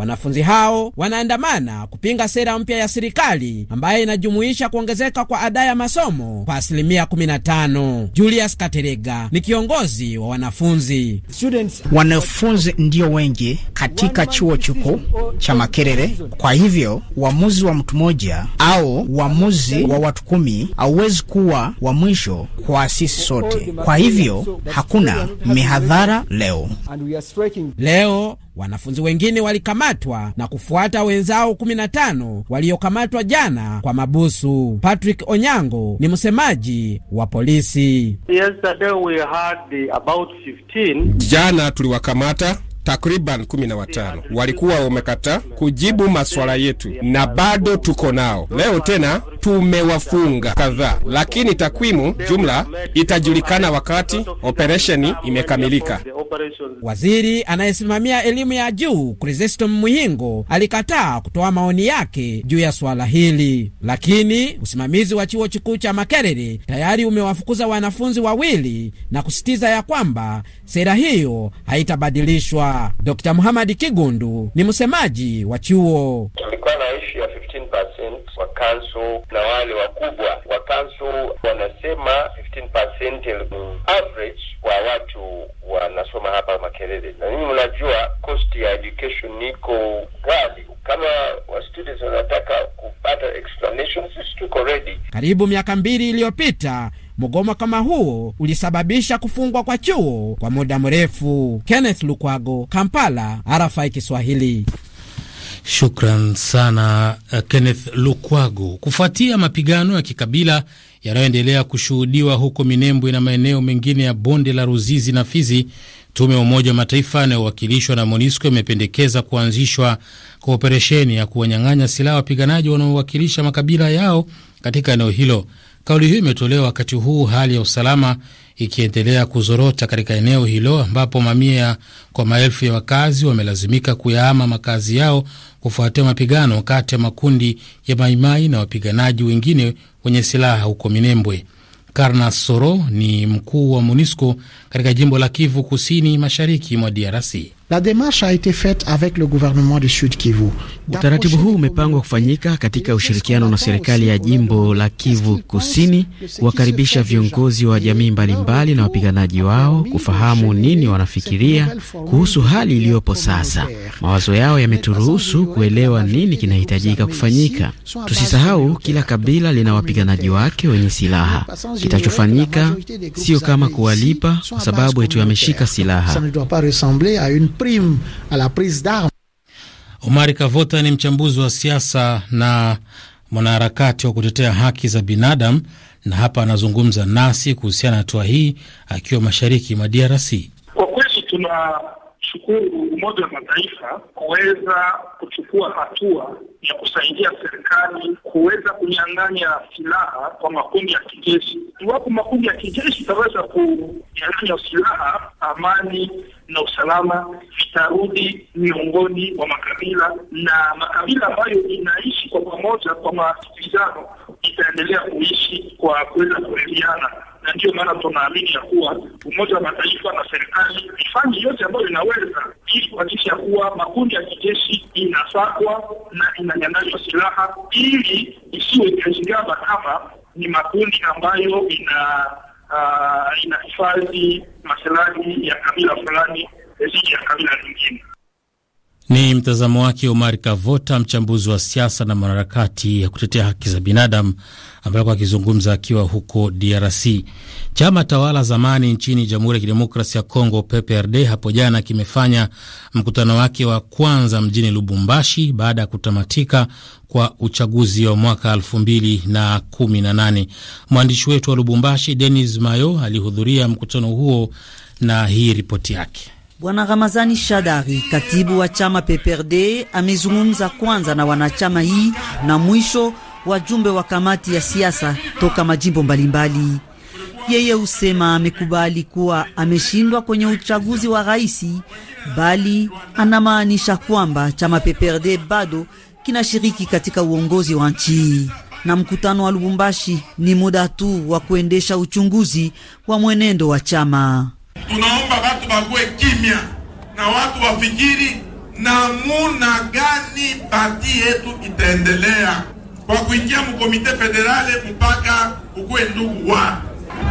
Wanafunzi hao wanaandamana kupinga sera mpya ya serikali ambayo inajumuisha kuongezeka kwa ada ya masomo kwa asilimia 15. Julius Katerega ni kiongozi wa wanafunzi. Wanafunzi ndio wengi katika chuo chuku cha Makerere, kwa hivyo uamuzi wa mtu mmoja au uamuzi wa watu kumi hauwezi kuwa wa mwisho kwa sisi sote. Kwa hivyo hakuna mihadhara leo leo Wanafunzi wengine walikamatwa na kufuata wenzao 15 waliokamatwa jana kwa mabusu. Patrick Onyango ni msemaji wa polisi. Yesterday we had about 15. Jana tuliwakamata takriban kumi na watano walikuwa wamekataa kujibu maswala yetu, na bado tuko nao leo tena. Tumewafunga kadhaa, lakini takwimu jumla itajulikana wakati operesheni imekamilika. Waziri anayesimamia elimu ya juu Krizesto Muhingo alikataa kutoa maoni yake juu ya swala hili, lakini usimamizi wa chuo kikuu cha Makerere tayari umewafukuza wanafunzi wawili na kusitiza ya kwamba sera hiyo haitabadilishwa. Dr. Muhammad Kigundu ni msemaji wa chuo. Tulikuwa na ishu ya 15% wa kansu na wale wakubwa wa kansu wanasema 15% average kwa watu wanasoma hapa Makerere, na nini, mnajua cost ya education niko ghali. Kama wa students wanataka kupata explanations, tuko ready. Karibu miaka mbili iliyopita Mgomo kama huo ulisababisha kufungwa kwa chuo kwa muda mrefu. Kenneth Lukwago, Kampala, RFI Kiswahili. Shukran sana uh, Kenneth Lukwago. Kufuatia mapigano ya kikabila yanayoendelea kushuhudiwa huko Minembwe na maeneo mengine ya bonde la Ruzizi na Fizi, tume ya Umoja wa Mataifa yanayowakilishwa na MONUSCO imependekeza kuanzishwa kwa operesheni ya kuwanyang'anya silaha wapiganaji wanaowakilisha makabila yao katika eneo hilo. Kauli hiyo imetolewa wakati huu hali ya usalama ikiendelea kuzorota katika eneo hilo ambapo mamia kwa maelfu ya wakazi wamelazimika kuyahama makazi yao kufuatia mapigano kati ya makundi ya Maimai na wapiganaji wengine wenye silaha huko Minembwe. Karna Soro ni mkuu wa MONUSCO katika jimbo la Kivu Kusini, mashariki mwa DRC. La démarche a été faite avec le gouvernement du Sud Kivu. Utaratibu huu umepangwa kufanyika katika ushirikiano na serikali ya jimbo la Kivu Kusini, kuwakaribisha viongozi wa jamii mbalimbali na wapiganaji wao, kufahamu nini wanafikiria kuhusu hali iliyopo sasa. Mawazo yao yameturuhusu kuelewa nini kinahitajika kufanyika. Tusisahau, kila kabila lina wapiganaji wake wenye silaha. Kitachofanyika sio kama kuwalipa kwa sababu eti wameshika silaha prime à la prise d'armes. Omari Kavota ni mchambuzi wa siasa na mwanaharakati wa kutetea haki za binadamu, na hapa anazungumza nasi kuhusiana na hatua hii akiwa mashariki mwa DRC. Kwa kweli tuna shukuru Umoja wa Mataifa kuweza kuchukua hatua ya kusaidia serikali kuweza kunyang'anya silaha kwa makundi ya kijeshi. Iwapo makundi ya kijeshi itaweza kunyang'anya silaha, amani na usalama vitarudi miongoni mwa makabila, na makabila ambayo inaishi kwa pamoja kwa masikilizano itaendelea kuishi kwa kuweza kuelewana na ndio maana tunaamini ya kuwa Umoja wa Mataifa na serikali ifanye yote ambayo inaweza ili kuhakikisha kuwa makundi ya kijeshi inasakwa na inanyang'anywa silaha ili isiwe kashigaba kama ni makundi ambayo ina uh, inahifadhi maslahi ya kabila fulani dhidi ya kabila lingine. Ni mtazamo wake Omar Kavota, mchambuzi wa siasa na mwanaharakati ya kutetea haki za binadamu, ambapo akizungumza akiwa huko DRC. Chama tawala zamani nchini Jamhuri ya Kidemokrasia ya Kongo, PPRD, hapo jana kimefanya mkutano wake wa kwanza mjini Lubumbashi baada ya kutamatika kwa uchaguzi wa mwaka 2018. Mwandishi wetu wa Lubumbashi, Denis Mayo, alihudhuria mkutano huo na hii ripoti yake. Bwana Ramazani Shadari, katibu wa chama PPRD, amezungumza kwanza na wanachama hii na mwisho wajumbe wa kamati ya siasa toka majimbo mbalimbali. Yeye husema amekubali kuwa ameshindwa kwenye uchaguzi wa rais, bali anamaanisha kwamba chama PPRD bado kinashiriki katika uongozi wa nchi na mkutano wa Lubumbashi ni muda tu wa kuendesha uchunguzi wa mwenendo wa chama. Tunaomba watu bakuwe kimya na watu wafikiri namuna gani parti yetu itaendelea kwa kuingia mukomite federale mpaka ukuwe ndugu wa.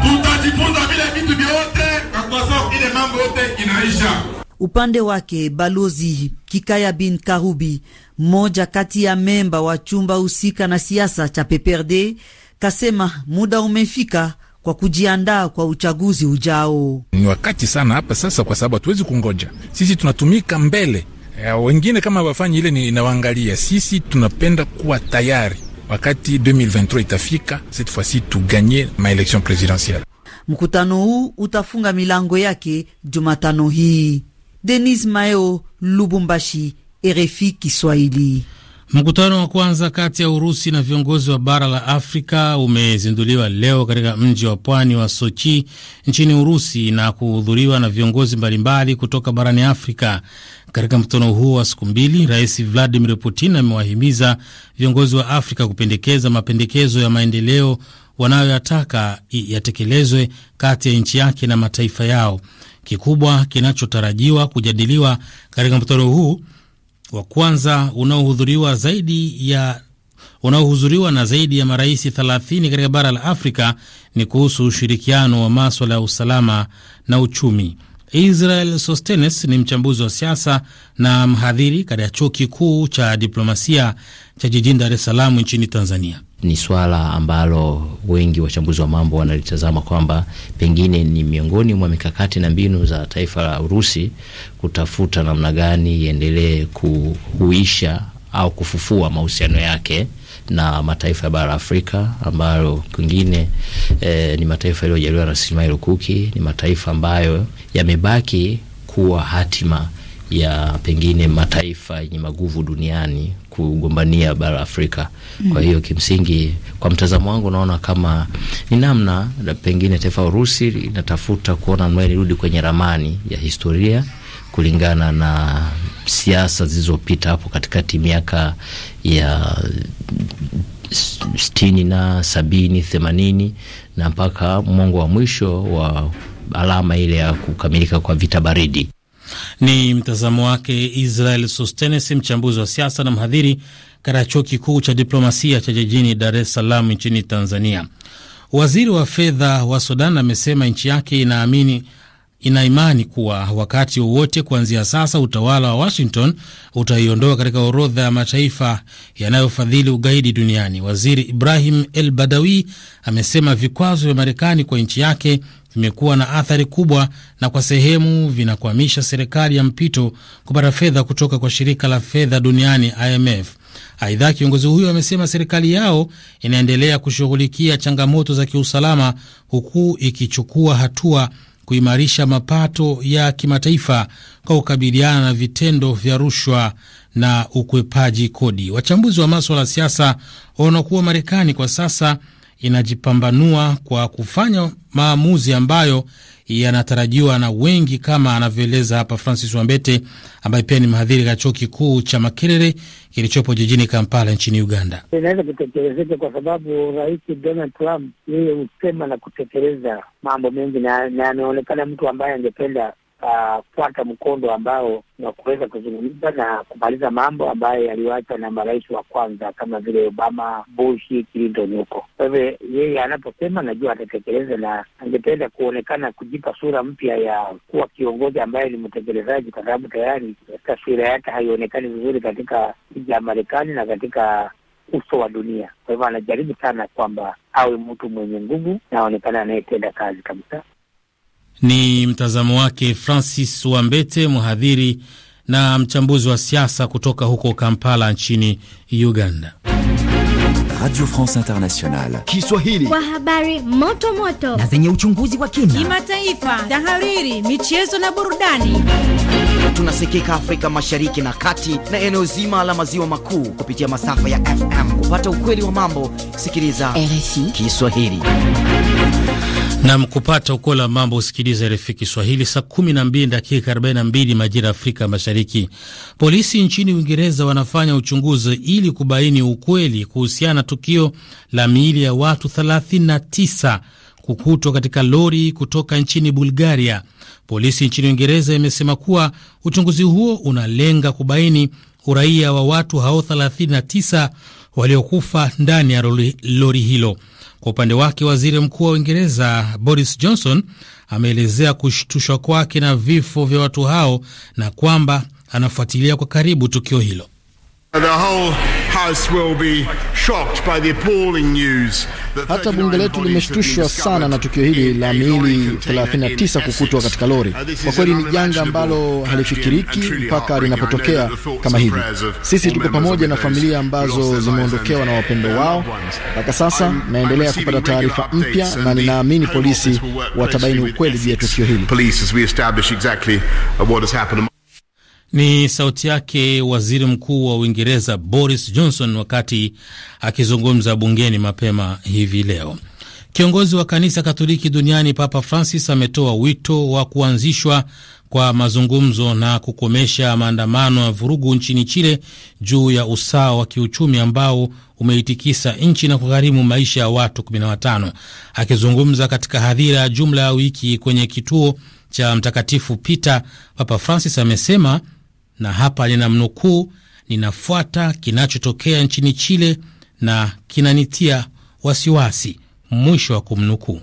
Tutajifunza vile vitu vyote kwa sababu ile mambo yote inaisha. Upande wake Balozi Kikaya bin Karubi, mmoja kati ya memba wa chumba husika na siasa cha PPRD, kasema muda umefika kwa kujiandaa kwa uchaguzi ujao. Ni wakati sana hapa sasa, kwa sababu hatuwezi kungoja. Sisi tunatumika mbele ya eh, wengine, kama wafanyi ile ni inawaangalia. Sisi tunapenda kuwa tayari wakati 2023 itafika, cette fois-ci tuganye maelection presidentielle. Mkutano huu utafunga milango yake Jumatano hii. Denis Maeo, Lubumbashi, RFI Kiswahili. Mkutano wa kwanza kati ya Urusi na viongozi wa bara la Afrika umezinduliwa leo katika mji wa pwani wa Sochi nchini Urusi na kuhudhuriwa na viongozi mbalimbali kutoka barani Afrika. Katika mkutano huo wa siku mbili, Rais Vladimir Putin amewahimiza viongozi wa Afrika kupendekeza mapendekezo ya maendeleo wanayoyataka yatekelezwe kati ya nchi yake na mataifa yao. Kikubwa kinachotarajiwa kujadiliwa katika mkutano huu wa kwanza unaohudhuriwa zaidi ya unaohudhuriwa na zaidi ya marais 30 katika bara la Afrika ni kuhusu ushirikiano wa maswala ya usalama na uchumi. Israel Sostenes ni mchambuzi wa siasa na mhadhiri katika chuo kikuu cha diplomasia cha jijini Dar es Salaam nchini Tanzania ni swala ambalo wengi wachambuzi wa mambo wanalitazama kwamba pengine ni miongoni mwa mikakati na mbinu za taifa la Urusi kutafuta namna gani iendelee kuhuisha au kufufua mahusiano yake na mataifa ya bara Afrika ambayo kwingine eh, ni mataifa yaliyojaliwa na rasilimali lukuki, ni mataifa ambayo yamebaki kuwa hatima ya pengine mataifa yenye maguvu duniani kugombania bara Afrika. Kwa hiyo kimsingi, kwa mtazamo wangu, naona kama ni namna pengine taifa Urusi linatafuta kuona mwe nirudi kwenye ramani ya historia kulingana na siasa zilizopita hapo katikati miaka ya sitini na sabini themanini na mpaka mwongo wa mwisho wa alama ile ya kukamilika kwa vita baridi. Ni mtazamo wake Israel Sostenes, mchambuzi wa siasa na mhadhiri katika chuo kikuu cha diplomasia cha jijini Dar es Salaam nchini Tanzania. Waziri wa fedha wa Sudan amesema nchi yake inaamini ina imani kuwa wakati wowote kuanzia sasa utawala wa Washington utaiondoa katika orodha ya mataifa yanayofadhili ugaidi duniani. Waziri Ibrahim El Badawi amesema vikwazo vya Marekani kwa nchi yake vimekuwa na athari kubwa na kwa sehemu vinakwamisha serikali ya mpito kupata fedha kutoka kwa shirika la fedha duniani IMF. Aidha, kiongozi huyo amesema serikali yao inaendelea kushughulikia changamoto za kiusalama huku ikichukua hatua kuimarisha mapato ya kimataifa kwa kukabiliana na vitendo vya rushwa na ukwepaji kodi. Wachambuzi wa maswala ya siasa wanaokuwa Marekani kwa sasa inajipambanua kwa kufanya maamuzi ambayo yanatarajiwa na wengi, kama anavyoeleza hapa Francis Wambete ambaye pia ni mhadhiri katika chuo kikuu cha Makerere kilichopo jijini Kampala nchini Uganda. Inaweza kutekelezeka kwa sababu Rais Donald Trump yeye husema na kutekeleza mambo mengi, na anaonekana mtu ambaye angependa kufuata mkondo ambao na kuweza kuzungumza na kumaliza mambo ambayo yaliwacha na marais wa kwanza kama vile Obama, Bushi, Clinton huko. Kwa hivyo yeye anaposema, najua atatekeleza, na angependa kuonekana kujipa sura mpya ya kuwa kiongozi ambaye ni mtekelezaji, kwa sababu tayari taswira yake haionekani vizuri katika nchi ya Marekani na katika uso wa dunia. Kwa hivyo anajaribu sana kwamba awe mtu mwenye nguvu naonekana anayetenda kazi kabisa. Ni mtazamo wake Francis Wambete, mhadhiri na mchambuzi wa siasa kutoka huko Kampala nchini Uganda. Radio France Internationale Kiswahili, kwa habari moto moto na zenye uchunguzi wa kina, kimataifa, tahariri, michezo na burudani. Tunasikika Afrika Mashariki na Kati na eneo zima la maziwa makuu kupitia masafa ya FM. Kupata ukweli wa mambo, sikiliza RFI Kiswahili. Nam kupata ukola mambo usikiliza RFI Kiswahili saa 12 dakika 42 majira ya Afrika Mashariki. Polisi nchini Uingereza wanafanya uchunguzi ili kubaini ukweli kuhusiana na tukio la miili ya watu 39 kukutwa katika lori kutoka nchini Bulgaria. Polisi nchini Uingereza imesema kuwa uchunguzi huo unalenga kubaini uraia wa watu hao 39 waliokufa ndani ya lori hilo. Kwa upande wake, waziri mkuu wa Uingereza Boris Johnson ameelezea kushtushwa kwake na vifo vya watu hao na kwamba anafuatilia kwa karibu tukio hilo. Hata bunge letu limeshtushwa sana na tukio hili la miili 39 kukutwa katika lori. Kwa kweli ni janga ambalo halifikiriki mpaka linapotokea kama hivi. Sisi tuko pamoja na familia ambazo zimeondokewa na wapendo wao. Mpaka sasa naendelea kupata taarifa mpya, na ninaamini polisi watabaini ukweli juu ya tukio hili. Ni sauti yake waziri mkuu wa Uingereza Boris Johnson wakati akizungumza bungeni mapema hivi leo. Kiongozi wa kanisa Katoliki duniani Papa Francis ametoa wito wa kuanzishwa kwa mazungumzo na kukomesha maandamano ya vurugu nchini Chile juu ya usawa wa kiuchumi ambao umeitikisa nchi na kugharimu maisha ya watu 15. Akizungumza katika hadhira ya jumla ya wiki kwenye kituo cha Mtakatifu Peter, Papa Francis amesema na hapa ninamnukuu: ninafuata kinachotokea nchini Chile na kinanitia wasiwasi, mwisho wa kumnukuu.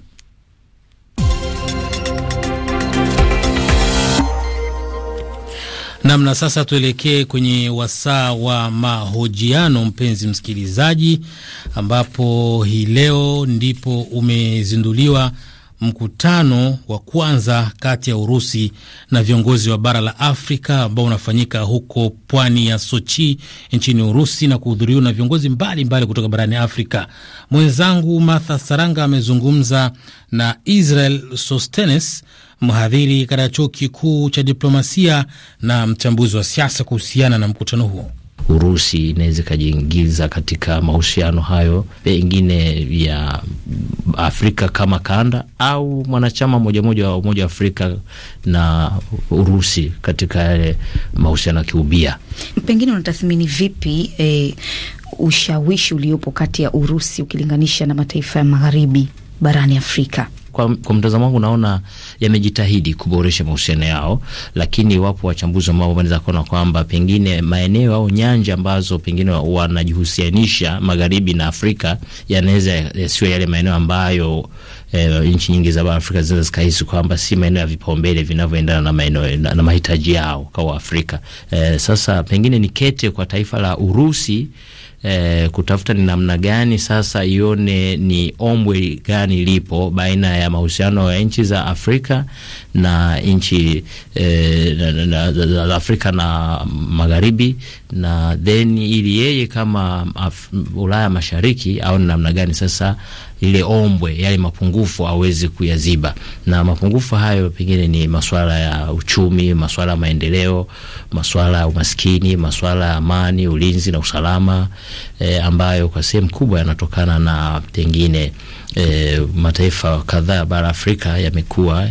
Namna sasa, tuelekee kwenye wasaa wa mahojiano, mpenzi msikilizaji, ambapo hii leo ndipo umezinduliwa mkutano wa kwanza kati ya Urusi na viongozi wa bara la Afrika ambao unafanyika huko pwani ya Sochi nchini Urusi na kuhudhuriwa na viongozi mbalimbali mbali kutoka barani Afrika. Mwenzangu Martha Saranga amezungumza na Israel Sostenes, mhadhiri katika chuo kikuu cha diplomasia na mchambuzi wa siasa kuhusiana na mkutano huo. Urusi inaweza ikajiingiza katika mahusiano hayo pengine ya Afrika kama kanda au mwanachama moja moja wa Umoja wa Afrika na Urusi katika yale eh, mahusiano ya kiubia. Pengine unatathmini vipi eh, ushawishi uliopo kati ya Urusi ukilinganisha na mataifa ya magharibi? barani Afrika. Kwa, kwa mtazamo wangu naona yamejitahidi kuboresha mahusiano yao, lakini wapo wachambuzi ambao wanaweza kuona kwamba pengine maeneo au nyanja ambazo pengine wanajihusianisha magharibi na Afrika yanaweza yasiwe yale maeneo ambayo eh, nchi nyingi za Afrika zinaweza zikahisi kwamba si maeneo ya vipaumbele vinavyoendana na na, na mahitaji yao kwa Afrika. Eh, sasa pengine ni kete kwa taifa la Urusi Eh, kutafuta ni namna gani sasa ione ni ombwe gani lipo baina ya mahusiano ya nchi za Afrika na nchi eh, za eh, Afrika na Magharibi na then ili yeye kama Af Ulaya Mashariki au ni namna gani sasa ile ombwe, yale mapungufu aweze kuyaziba, na mapungufu hayo pengine ni masuala ya uchumi, masuala ya maendeleo, masuala ya umaskini, masuala ya amani, ulinzi na usalama e, ambayo kwa sehemu kubwa yanatokana na pengine e, mataifa kadhaa bara Afrika yamekuwa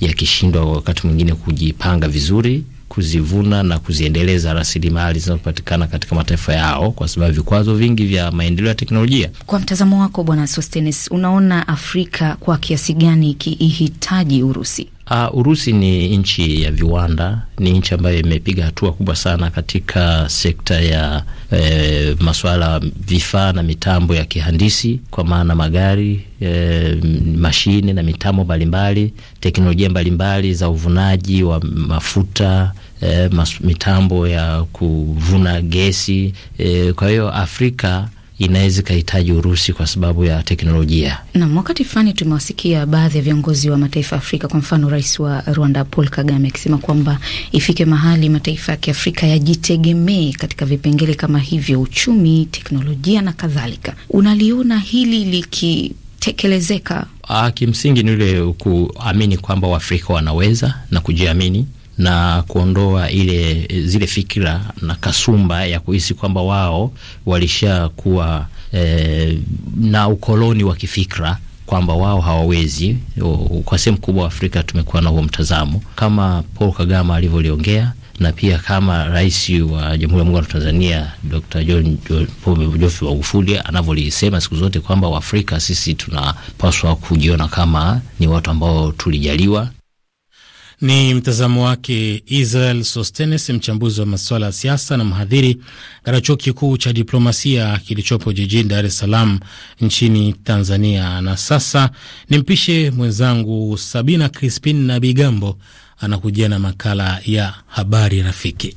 yakishindwa wakati mwingine kujipanga vizuri kuzivuna na kuziendeleza rasilimali zinazopatikana katika mataifa yao, kwa sababu vikwazo vingi vya maendeleo ya teknolojia. Kwa mtazamo wako, Bwana Sostenes, unaona Afrika kwa kiasi gani ikihitaji Urusi? Uh, Urusi ni nchi ya viwanda, ni nchi ambayo imepiga hatua kubwa sana katika sekta ya e, masuala vifaa na mitambo ya kihandisi kwa maana magari, e, mashine na mitambo mbalimbali, teknolojia mbalimbali za uvunaji wa mafuta eh, mitambo ya kuvuna gesi eh, kwa hiyo Afrika inaweza ikahitaji Urusi kwa sababu ya teknolojia. Nam, wakati fulani tumewasikia baadhi ya viongozi wa mataifa ya Afrika, kwa mfano rais wa Rwanda Paul Kagame akisema kwamba ifike mahali mataifa ya kiafrika yajitegemee katika vipengele kama hivyo, uchumi, teknolojia na kadhalika. Unaliona hili likitekelezeka? Ah, kimsingi ni ule kuamini kwamba Waafrika wanaweza na kujiamini na kuondoa ile zile fikira na kasumba ya kuhisi kwamba wao walishakuwa e, eh, na ukoloni wa kifikra kwamba wao hawawezi. Kwa sehemu kubwa wa Afrika tumekuwa na huo mtazamo kama Paul Kagame alivyoliongea na pia kama Rais wa Jamhuri ya Muungano wa Tanzania Dr. John Pombe Joseph Magufuli anavyolisema siku zote kwamba Waafrika sisi tunapaswa kujiona kama ni watu ambao tulijaliwa. Ni mtazamo wake Israel Sostenes, mchambuzi wa masuala ya siasa na mhadhiri katika chuo kikuu cha diplomasia kilichopo jijini Dar es Salaam nchini Tanzania. Na sasa nimpishe mwenzangu Sabina Crispin na Bigambo anakujia na makala ya habari rafiki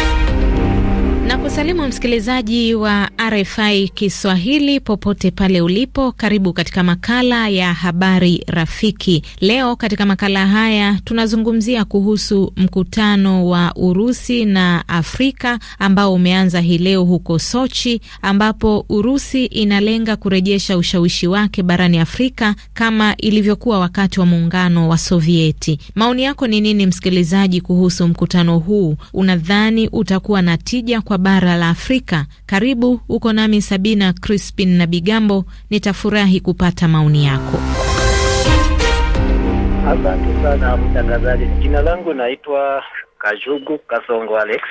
na kusalimu msikilizaji wa RFI Kiswahili popote pale ulipo. Karibu katika makala ya habari rafiki. Leo katika makala haya tunazungumzia kuhusu mkutano wa Urusi na Afrika ambao umeanza hii leo huko Sochi, ambapo Urusi inalenga kurejesha ushawishi wake barani Afrika kama ilivyokuwa wakati wa muungano wa Sovieti. Maoni yako ni nini msikilizaji kuhusu mkutano huu? Unadhani utakuwa na tija kwa bara la Afrika. Karibu uko nami Sabina Crispin na Bigambo, nitafurahi kupata maoni yako. Asante sana mtangazaji. Jina langu naitwa Kajugu Kasongo Alex,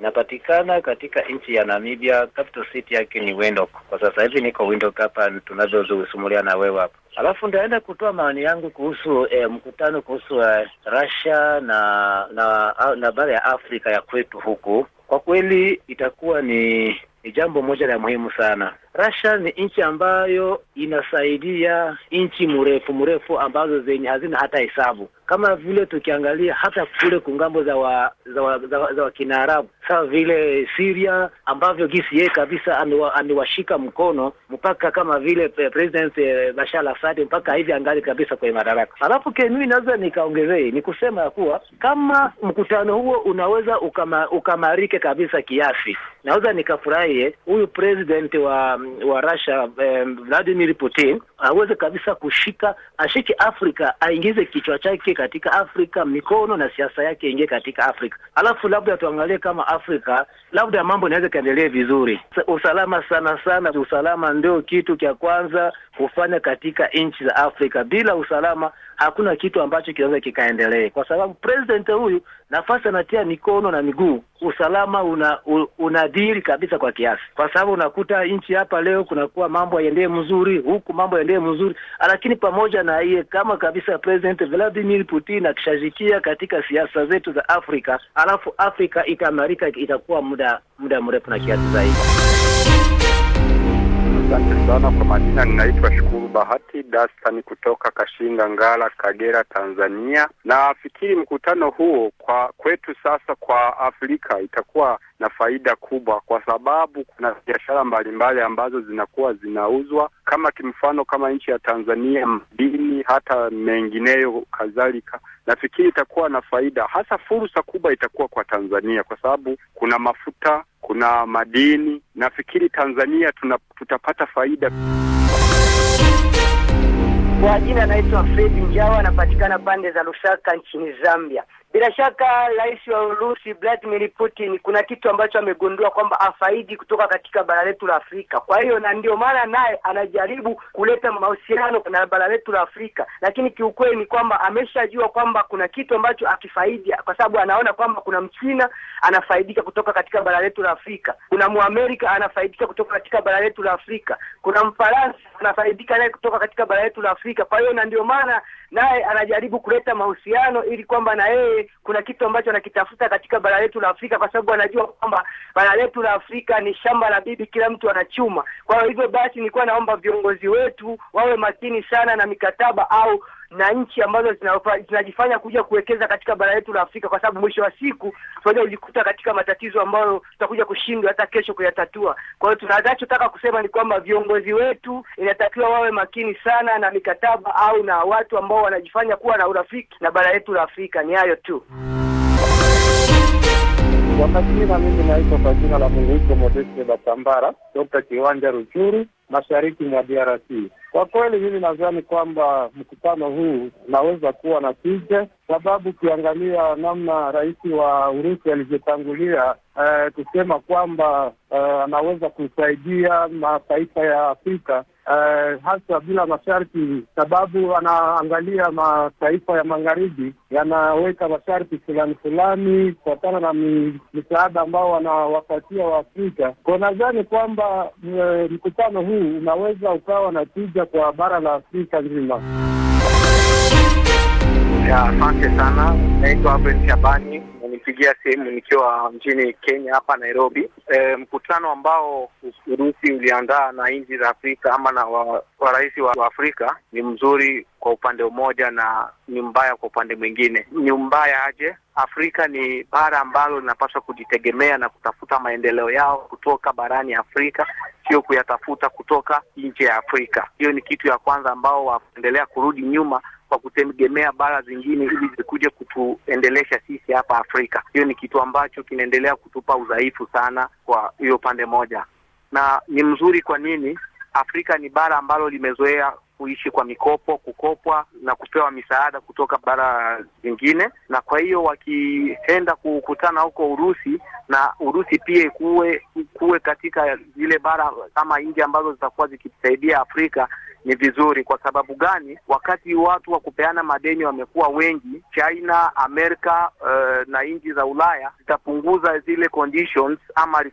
napatikana katika nchi ya Namibia. Capital city yake ni Windhoek. Kwa sasa hivi niko Windhoek hapa tunavyozungumza na wewe hapa, alafu ndaenda kutoa maoni yangu kuhusu eh, mkutano kuhusu eh, Russia na na na bara ya Afrika ya kwetu huku kwa kweli itakuwa ni, ni jambo moja la muhimu sana Russia ni nchi ambayo inasaidia nchi mrefu mrefu ambazo zenye hazina hata hesabu, kama vile tukiangalia hata kule kungambo za wa, za wa, za wa, za wa kinaarabu sawa vile Syria ambavyo gisi yeye kabisa amewashika mkono mpaka kama vile President eh, Bashar al-Assad mpaka hivi angali kabisa kwenye madaraka. Alafu ke naweza nikaongezee ni kusema ya kuwa kama mkutano huo unaweza ukama, ukamarike kabisa kiasi, naweza nikafurahie huyu president wa Um, wa Russia um, Vladimir Putin aweze kabisa kushika ashike Afrika, aingize kichwa chake katika Afrika, mikono na siasa yake ingie katika Afrika, alafu labda tuangalie kama Afrika labda mambo inaweza kaendelee vizuri. Usalama sana sana, usalama ndio kitu cha kwanza kufanya katika nchi za Afrika. Bila usalama hakuna kitu ambacho kinaweza kikaendelee, kwa sababu president huyu nafasi anatia mikono na miguu usalama una, unadhiri kabisa kwa kiasi, kwa sababu unakuta nchi hapa leo kunakuwa mambo yaendee mzuri huku mambo yaendee mzuri, lakini pamoja na hiye kama kabisa President Vladimir Putin akishajikia katika siasa zetu za Afrika, alafu Afrika itaimarika itakuwa muda muda mrefu na kiasi zaidi. Asante sana. Kwa majina ninaitwa Shukuru Bahati dastani kutoka Kashinga Ngara, Kagera, Tanzania. Nafikiri mkutano huo kwa kwetu sasa kwa Afrika itakuwa na faida kubwa, kwa sababu kuna biashara mbalimbali ambazo zinakuwa zinauzwa kama kimfano, kama nchi ya Tanzania, madini hata mengineyo kadhalika nafikiri itakuwa na faida, hasa fursa kubwa itakuwa kwa Tanzania kwa sababu kuna mafuta, kuna madini. Nafikiri Tanzania tuna, tutapata faida. Kwa jina anaitwa Fredi Njawa, anapatikana pande za Lusaka nchini Zambia. Bila shaka rais wa Urusi Vladimir Putin kuna kitu ambacho amegundua kwamba afaidi kutoka katika bara letu la Afrika. Kwa hiyo na ndio maana naye anajaribu kuleta mahusiano na bara letu la Afrika, lakini kiukweli ni kwamba ameshajua kwamba kuna kitu ambacho akifaidi, kwa sababu anaona kwamba kuna Mchina anafaidika kutoka katika bara letu la Afrika, kuna Muamerika anafaidika kutoka katika bara letu la Afrika, kuna Mfaransa anafaidika naye kutoka katika bara letu la Afrika. Kwa hiyo na ndio maana naye anajaribu kuleta mahusiano ili kwamba na yeye kuna kitu ambacho anakitafuta katika bara letu la Afrika, kwa sababu anajua kwamba bara letu la Afrika ni shamba la bibi, kila mtu anachuma. Kwa hivyo basi, nilikuwa naomba viongozi wetu wawe makini sana na mikataba au na nchi ambazo zinajifanya kuja kuwekeza katika bara letu la Afrika, kwa sababu mwisho wa siku tunaweza kujikuta katika matatizo ambayo tutakuja kushindwa hata kesho kuyatatua. Kwa hiyo tunachotaka kusema ni kwamba viongozi wetu inatakiwa wawe makini sana na mikataba au na watu ambao wanajifanya kuwa na urafiki na bara letu la Afrika. Ni hayo tu. Wakati mimi naitwa kwa jina la Munguiko Modeste Batambara, Dr. kiwanja Ruchuru mashariki mwa DRC. Kwa kweli, mimi nadhani kwamba mkutano huu unaweza kuwa na tija, sababu ukiangalia namna rais wa Urusi alivyotangulia eh, kusema kwamba eh, anaweza eh, kusaidia mataifa ya Afrika uh, eh, hasa bila masharti, sababu anaangalia mataifa ya magharibi yanaweka masharti fulani fulani kufuatana na misaada ambao wanawapatia Waafrika. Kwa nadhani kwamba eh, mkutano huu unaweza ukawa na tija kwa bara la Afrika nzima. Asante sana. Naitwa Abel Shabani, nanipigia simu nikiwa mjini Kenya hapa Nairobi. E, mkutano ambao Urusi uliandaa na nchi za Afrika ama na warais wa, wa Afrika ni mzuri kwa upande mmoja na ni mbaya kwa upande mwingine. Ni mbaya aje? Afrika ni bara ambalo linapaswa kujitegemea na kutafuta maendeleo yao kutoka barani Afrika, sio kuyatafuta kutoka nje ya Afrika. Hiyo ni kitu ya kwanza ambao waendelea kurudi nyuma kwa kutegemea bara zingine ili zikuje kutuendelesha sisi hapa Afrika. Hiyo ni kitu ambacho kinaendelea kutupa udhaifu sana kwa hiyo pande moja, na ni mzuri. Kwa nini? Afrika ni bara ambalo limezoea kuishi kwa mikopo, kukopwa na kupewa misaada kutoka bara zingine, na kwa hiyo wakienda kukutana huko Urusi, na Urusi pia ikuwe kuwe katika zile bara kama nchi ambazo zitakuwa zikisaidia Afrika ni vizuri. Kwa sababu gani? Wakati watu wa kupeana madeni wamekuwa wengi, China, Amerika uh, na nchi za Ulaya zitapunguza zile conditions ama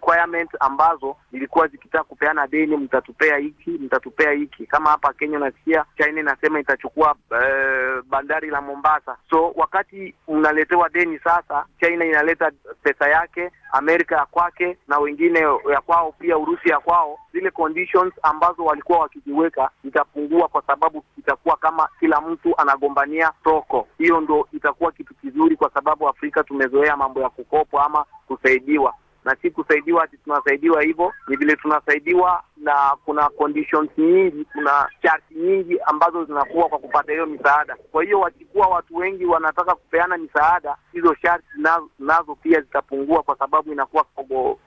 ambazo zilikuwa zikitaka kupeana deni, mtatupea hiki, mtatupea hiki. Kama hapa Kenya unasikia China inasema itachukua uh, bandari la Mombasa. So wakati mnaletewa deni sasa, China inaleta pesa yake, Amerika ya kwake, na wengine ya kwao, pia Urusi ya kwao, zile conditions ambazo walikuwa wakiziweka itapungua, kwa sababu itakuwa kama kila mtu anagombania soko. Hiyo ndo itakuwa kitu kizuri, kwa sababu Afrika tumezoea mambo ya kukopwa ama kusaidiwa na si kusaidiwa ati tunasaidiwa hivyo, ni vile tunasaidiwa, na kuna conditions nyingi, kuna sharti nyingi ambazo zinakuwa kwa kupata hiyo misaada. Kwa hiyo wakikuwa watu wengi wanataka kupeana misaada, hizo sharti nazo, nazo pia zitapungua, kwa sababu inakuwa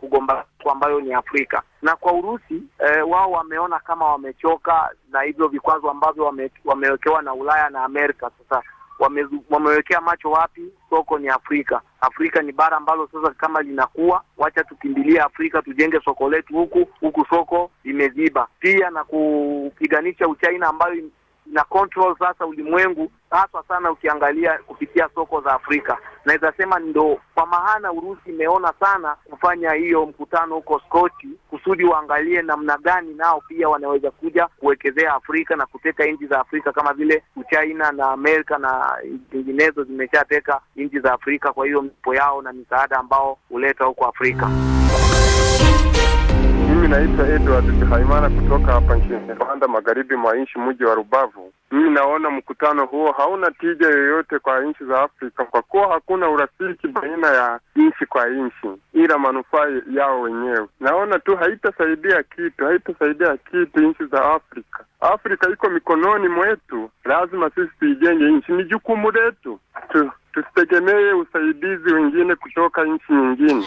kugomba ambayo ni Afrika na kwa Urusi eh, wao wameona kama wamechoka na hivyo vikwazo ambavyo wame, wamewekewa na Ulaya na Amerika sasa wamewekea macho wapi? Soko ni Afrika. Afrika ni bara ambalo sasa kama linakuwa, wacha tukimbilie Afrika, tujenge soko letu huku huku, soko limeziba pia, na kupiganisha uchaina ambayo ina control sasa ulimwengu, haswa sana ukiangalia kupitia soko za Afrika naweza sema ndo kwa maana Urusi imeona sana kufanya hiyo mkutano huko Skoti kusudi waangalie namna gani nao pia wanaweza kuja kuwekezea Afrika na kuteka nchi za Afrika kama vile Uchina na Amerika na zinginezo zimeshateka nchi za Afrika. Kwa hiyo mipo yao na misaada ambao huleta huko Afrika naitwa Edward Bihaimana kutoka hapa nchini Rwanda, magharibi mwa nchi, mji wa Rubavu. Mimi naona mkutano huo hauna tija yoyote kwa nchi za Afrika kwa kuwa hakuna urafiki baina ya nchi kwa nchi, ila manufaa yao wenyewe. Naona tu haitasaidia kitu, haitasaidia kitu nchi za Afrika. Afrika iko mikononi mwetu, lazima sisi tuijenge nchi, ni jukumu letu tu tusitegemee usaidizi wengine kutoka nchi nyingine.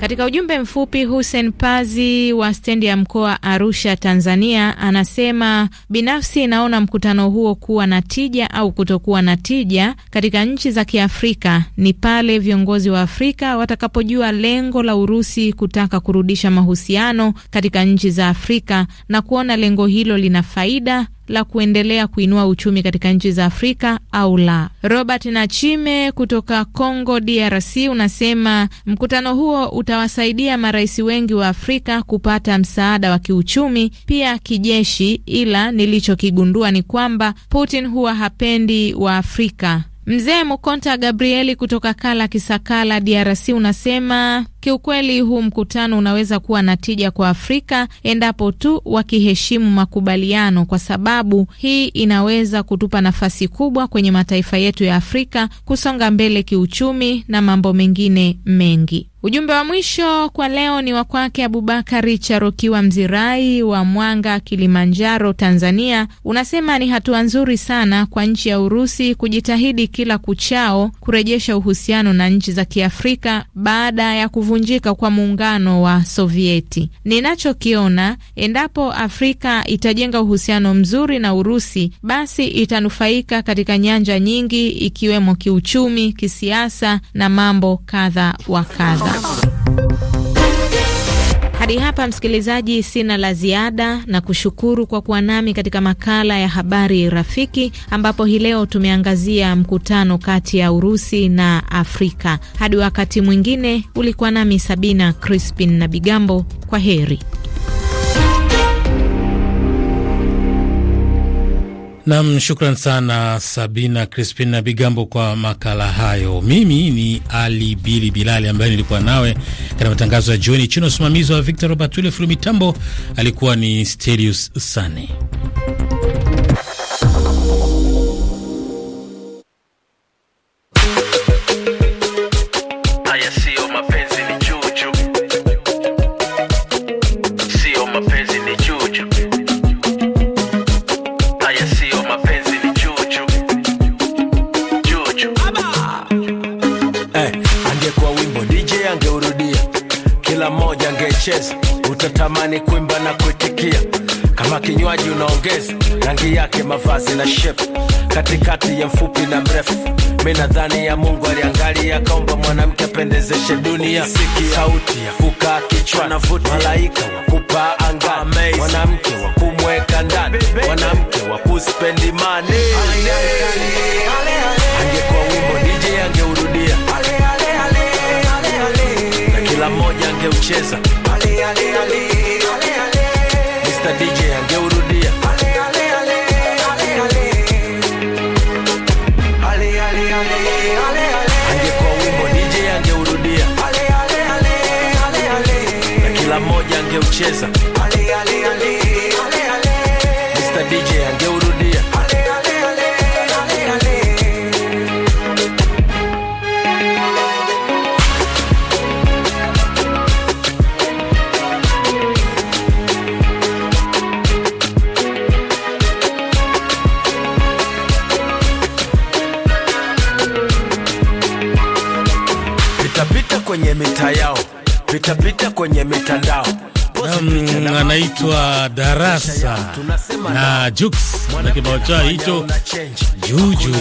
Katika ujumbe mfupi, Hussein Pazi wa stendi ya mkoa Arusha, Tanzania, anasema binafsi naona mkutano huo kuwa na tija au kutokuwa na tija katika nchi za Kiafrika ni pale viongozi wa Afrika watakapojua lengo la Urusi kutaka kurudisha mahusiano katika nchi za Afrika na kuona lengo hilo lina faida la kuendelea kuinua uchumi katika nchi za Afrika au la. Robert Nachime kutoka Congo DRC unasema mkutano huo utawasaidia marais wengi wa Afrika kupata msaada wa kiuchumi, pia kijeshi, ila nilichokigundua ni kwamba Putin huwa hapendi wa Afrika. Mzee Mukonta Gabrieli kutoka Kala Kisakala DRC unasema Kiukweli, huu mkutano unaweza kuwa na tija kwa Afrika endapo tu wakiheshimu makubaliano, kwa sababu hii inaweza kutupa nafasi kubwa kwenye mataifa yetu ya Afrika kusonga mbele kiuchumi na mambo mengine mengi. Ujumbe wa mwisho kwa leo ni wa kwake Abubakari Charokiwa Mzirai wa Mwanga, Kilimanjaro, Tanzania. Unasema ni hatua nzuri sana kwa nchi ya Urusi kujitahidi kila kuchao kurejesha uhusiano na nchi za Kiafrika baada ya kuvu kuvunjika kwa muungano wa Sovieti. Ninachokiona, endapo Afrika itajenga uhusiano mzuri na Urusi, basi itanufaika katika nyanja nyingi, ikiwemo kiuchumi, kisiasa na mambo kadha wa kadha. Hadi hapa msikilizaji, sina la ziada na kushukuru kwa kuwa nami katika makala ya habari rafiki, ambapo hii leo tumeangazia mkutano kati ya Urusi na Afrika. Hadi wakati mwingine, ulikuwa nami Sabina Crispin na Bigambo. Kwa heri. Nam, shukran sana Sabina Crispin na Bigambo kwa makala hayo. Mimi ni Ali Bili Bilali ambaye nilikuwa nawe katika matangazo ya jioni chini ya usimamizi wa Victor Robert Wile. Fulu mitambo alikuwa ni Stelius Sane. angeurudia, kila mmoja angecheza, utatamani kuimba na kuitikia kama kinywaji unaongeza rangi yake, mavazi na shepu, katikati ya mfupi na mrefu. Mi nadhani ya Mungu aliangalia, akaumba mwanamke apendezeshe dunia. Sikia sauti ya kukaa kichwani, malaika wa kupaa angani, mwanamke wa kumweka ndani, mwanamke wa kuspendi mani. Angekuwa wimbo DJ angeurudia Dola moja angeucheza, Mr DJ angeurudia. Angekuwa wimbo DJ angeurudia, na kila moja angeucheza, DJ angeurudia. pitapita kwenye mitandao anaitwa Darasa na Jux na kibao cha hicho Juju,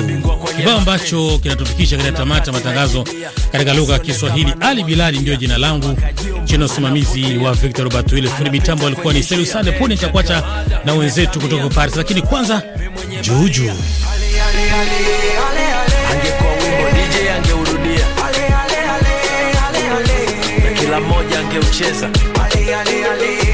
kibao ambacho kinatufikisha katika tamata matangazo katika lugha ya Kiswahili. Ali Bilali ndiyo jina langu, chini usimamizi wa Victor Robert Wile, fundi mitambo alikuwa ni Selu Sande Pune Chakwata na wenzetu kutoka Paris. Lakini kwanza Juju ale, ale, ale, ale, ale. eu Ali, ali,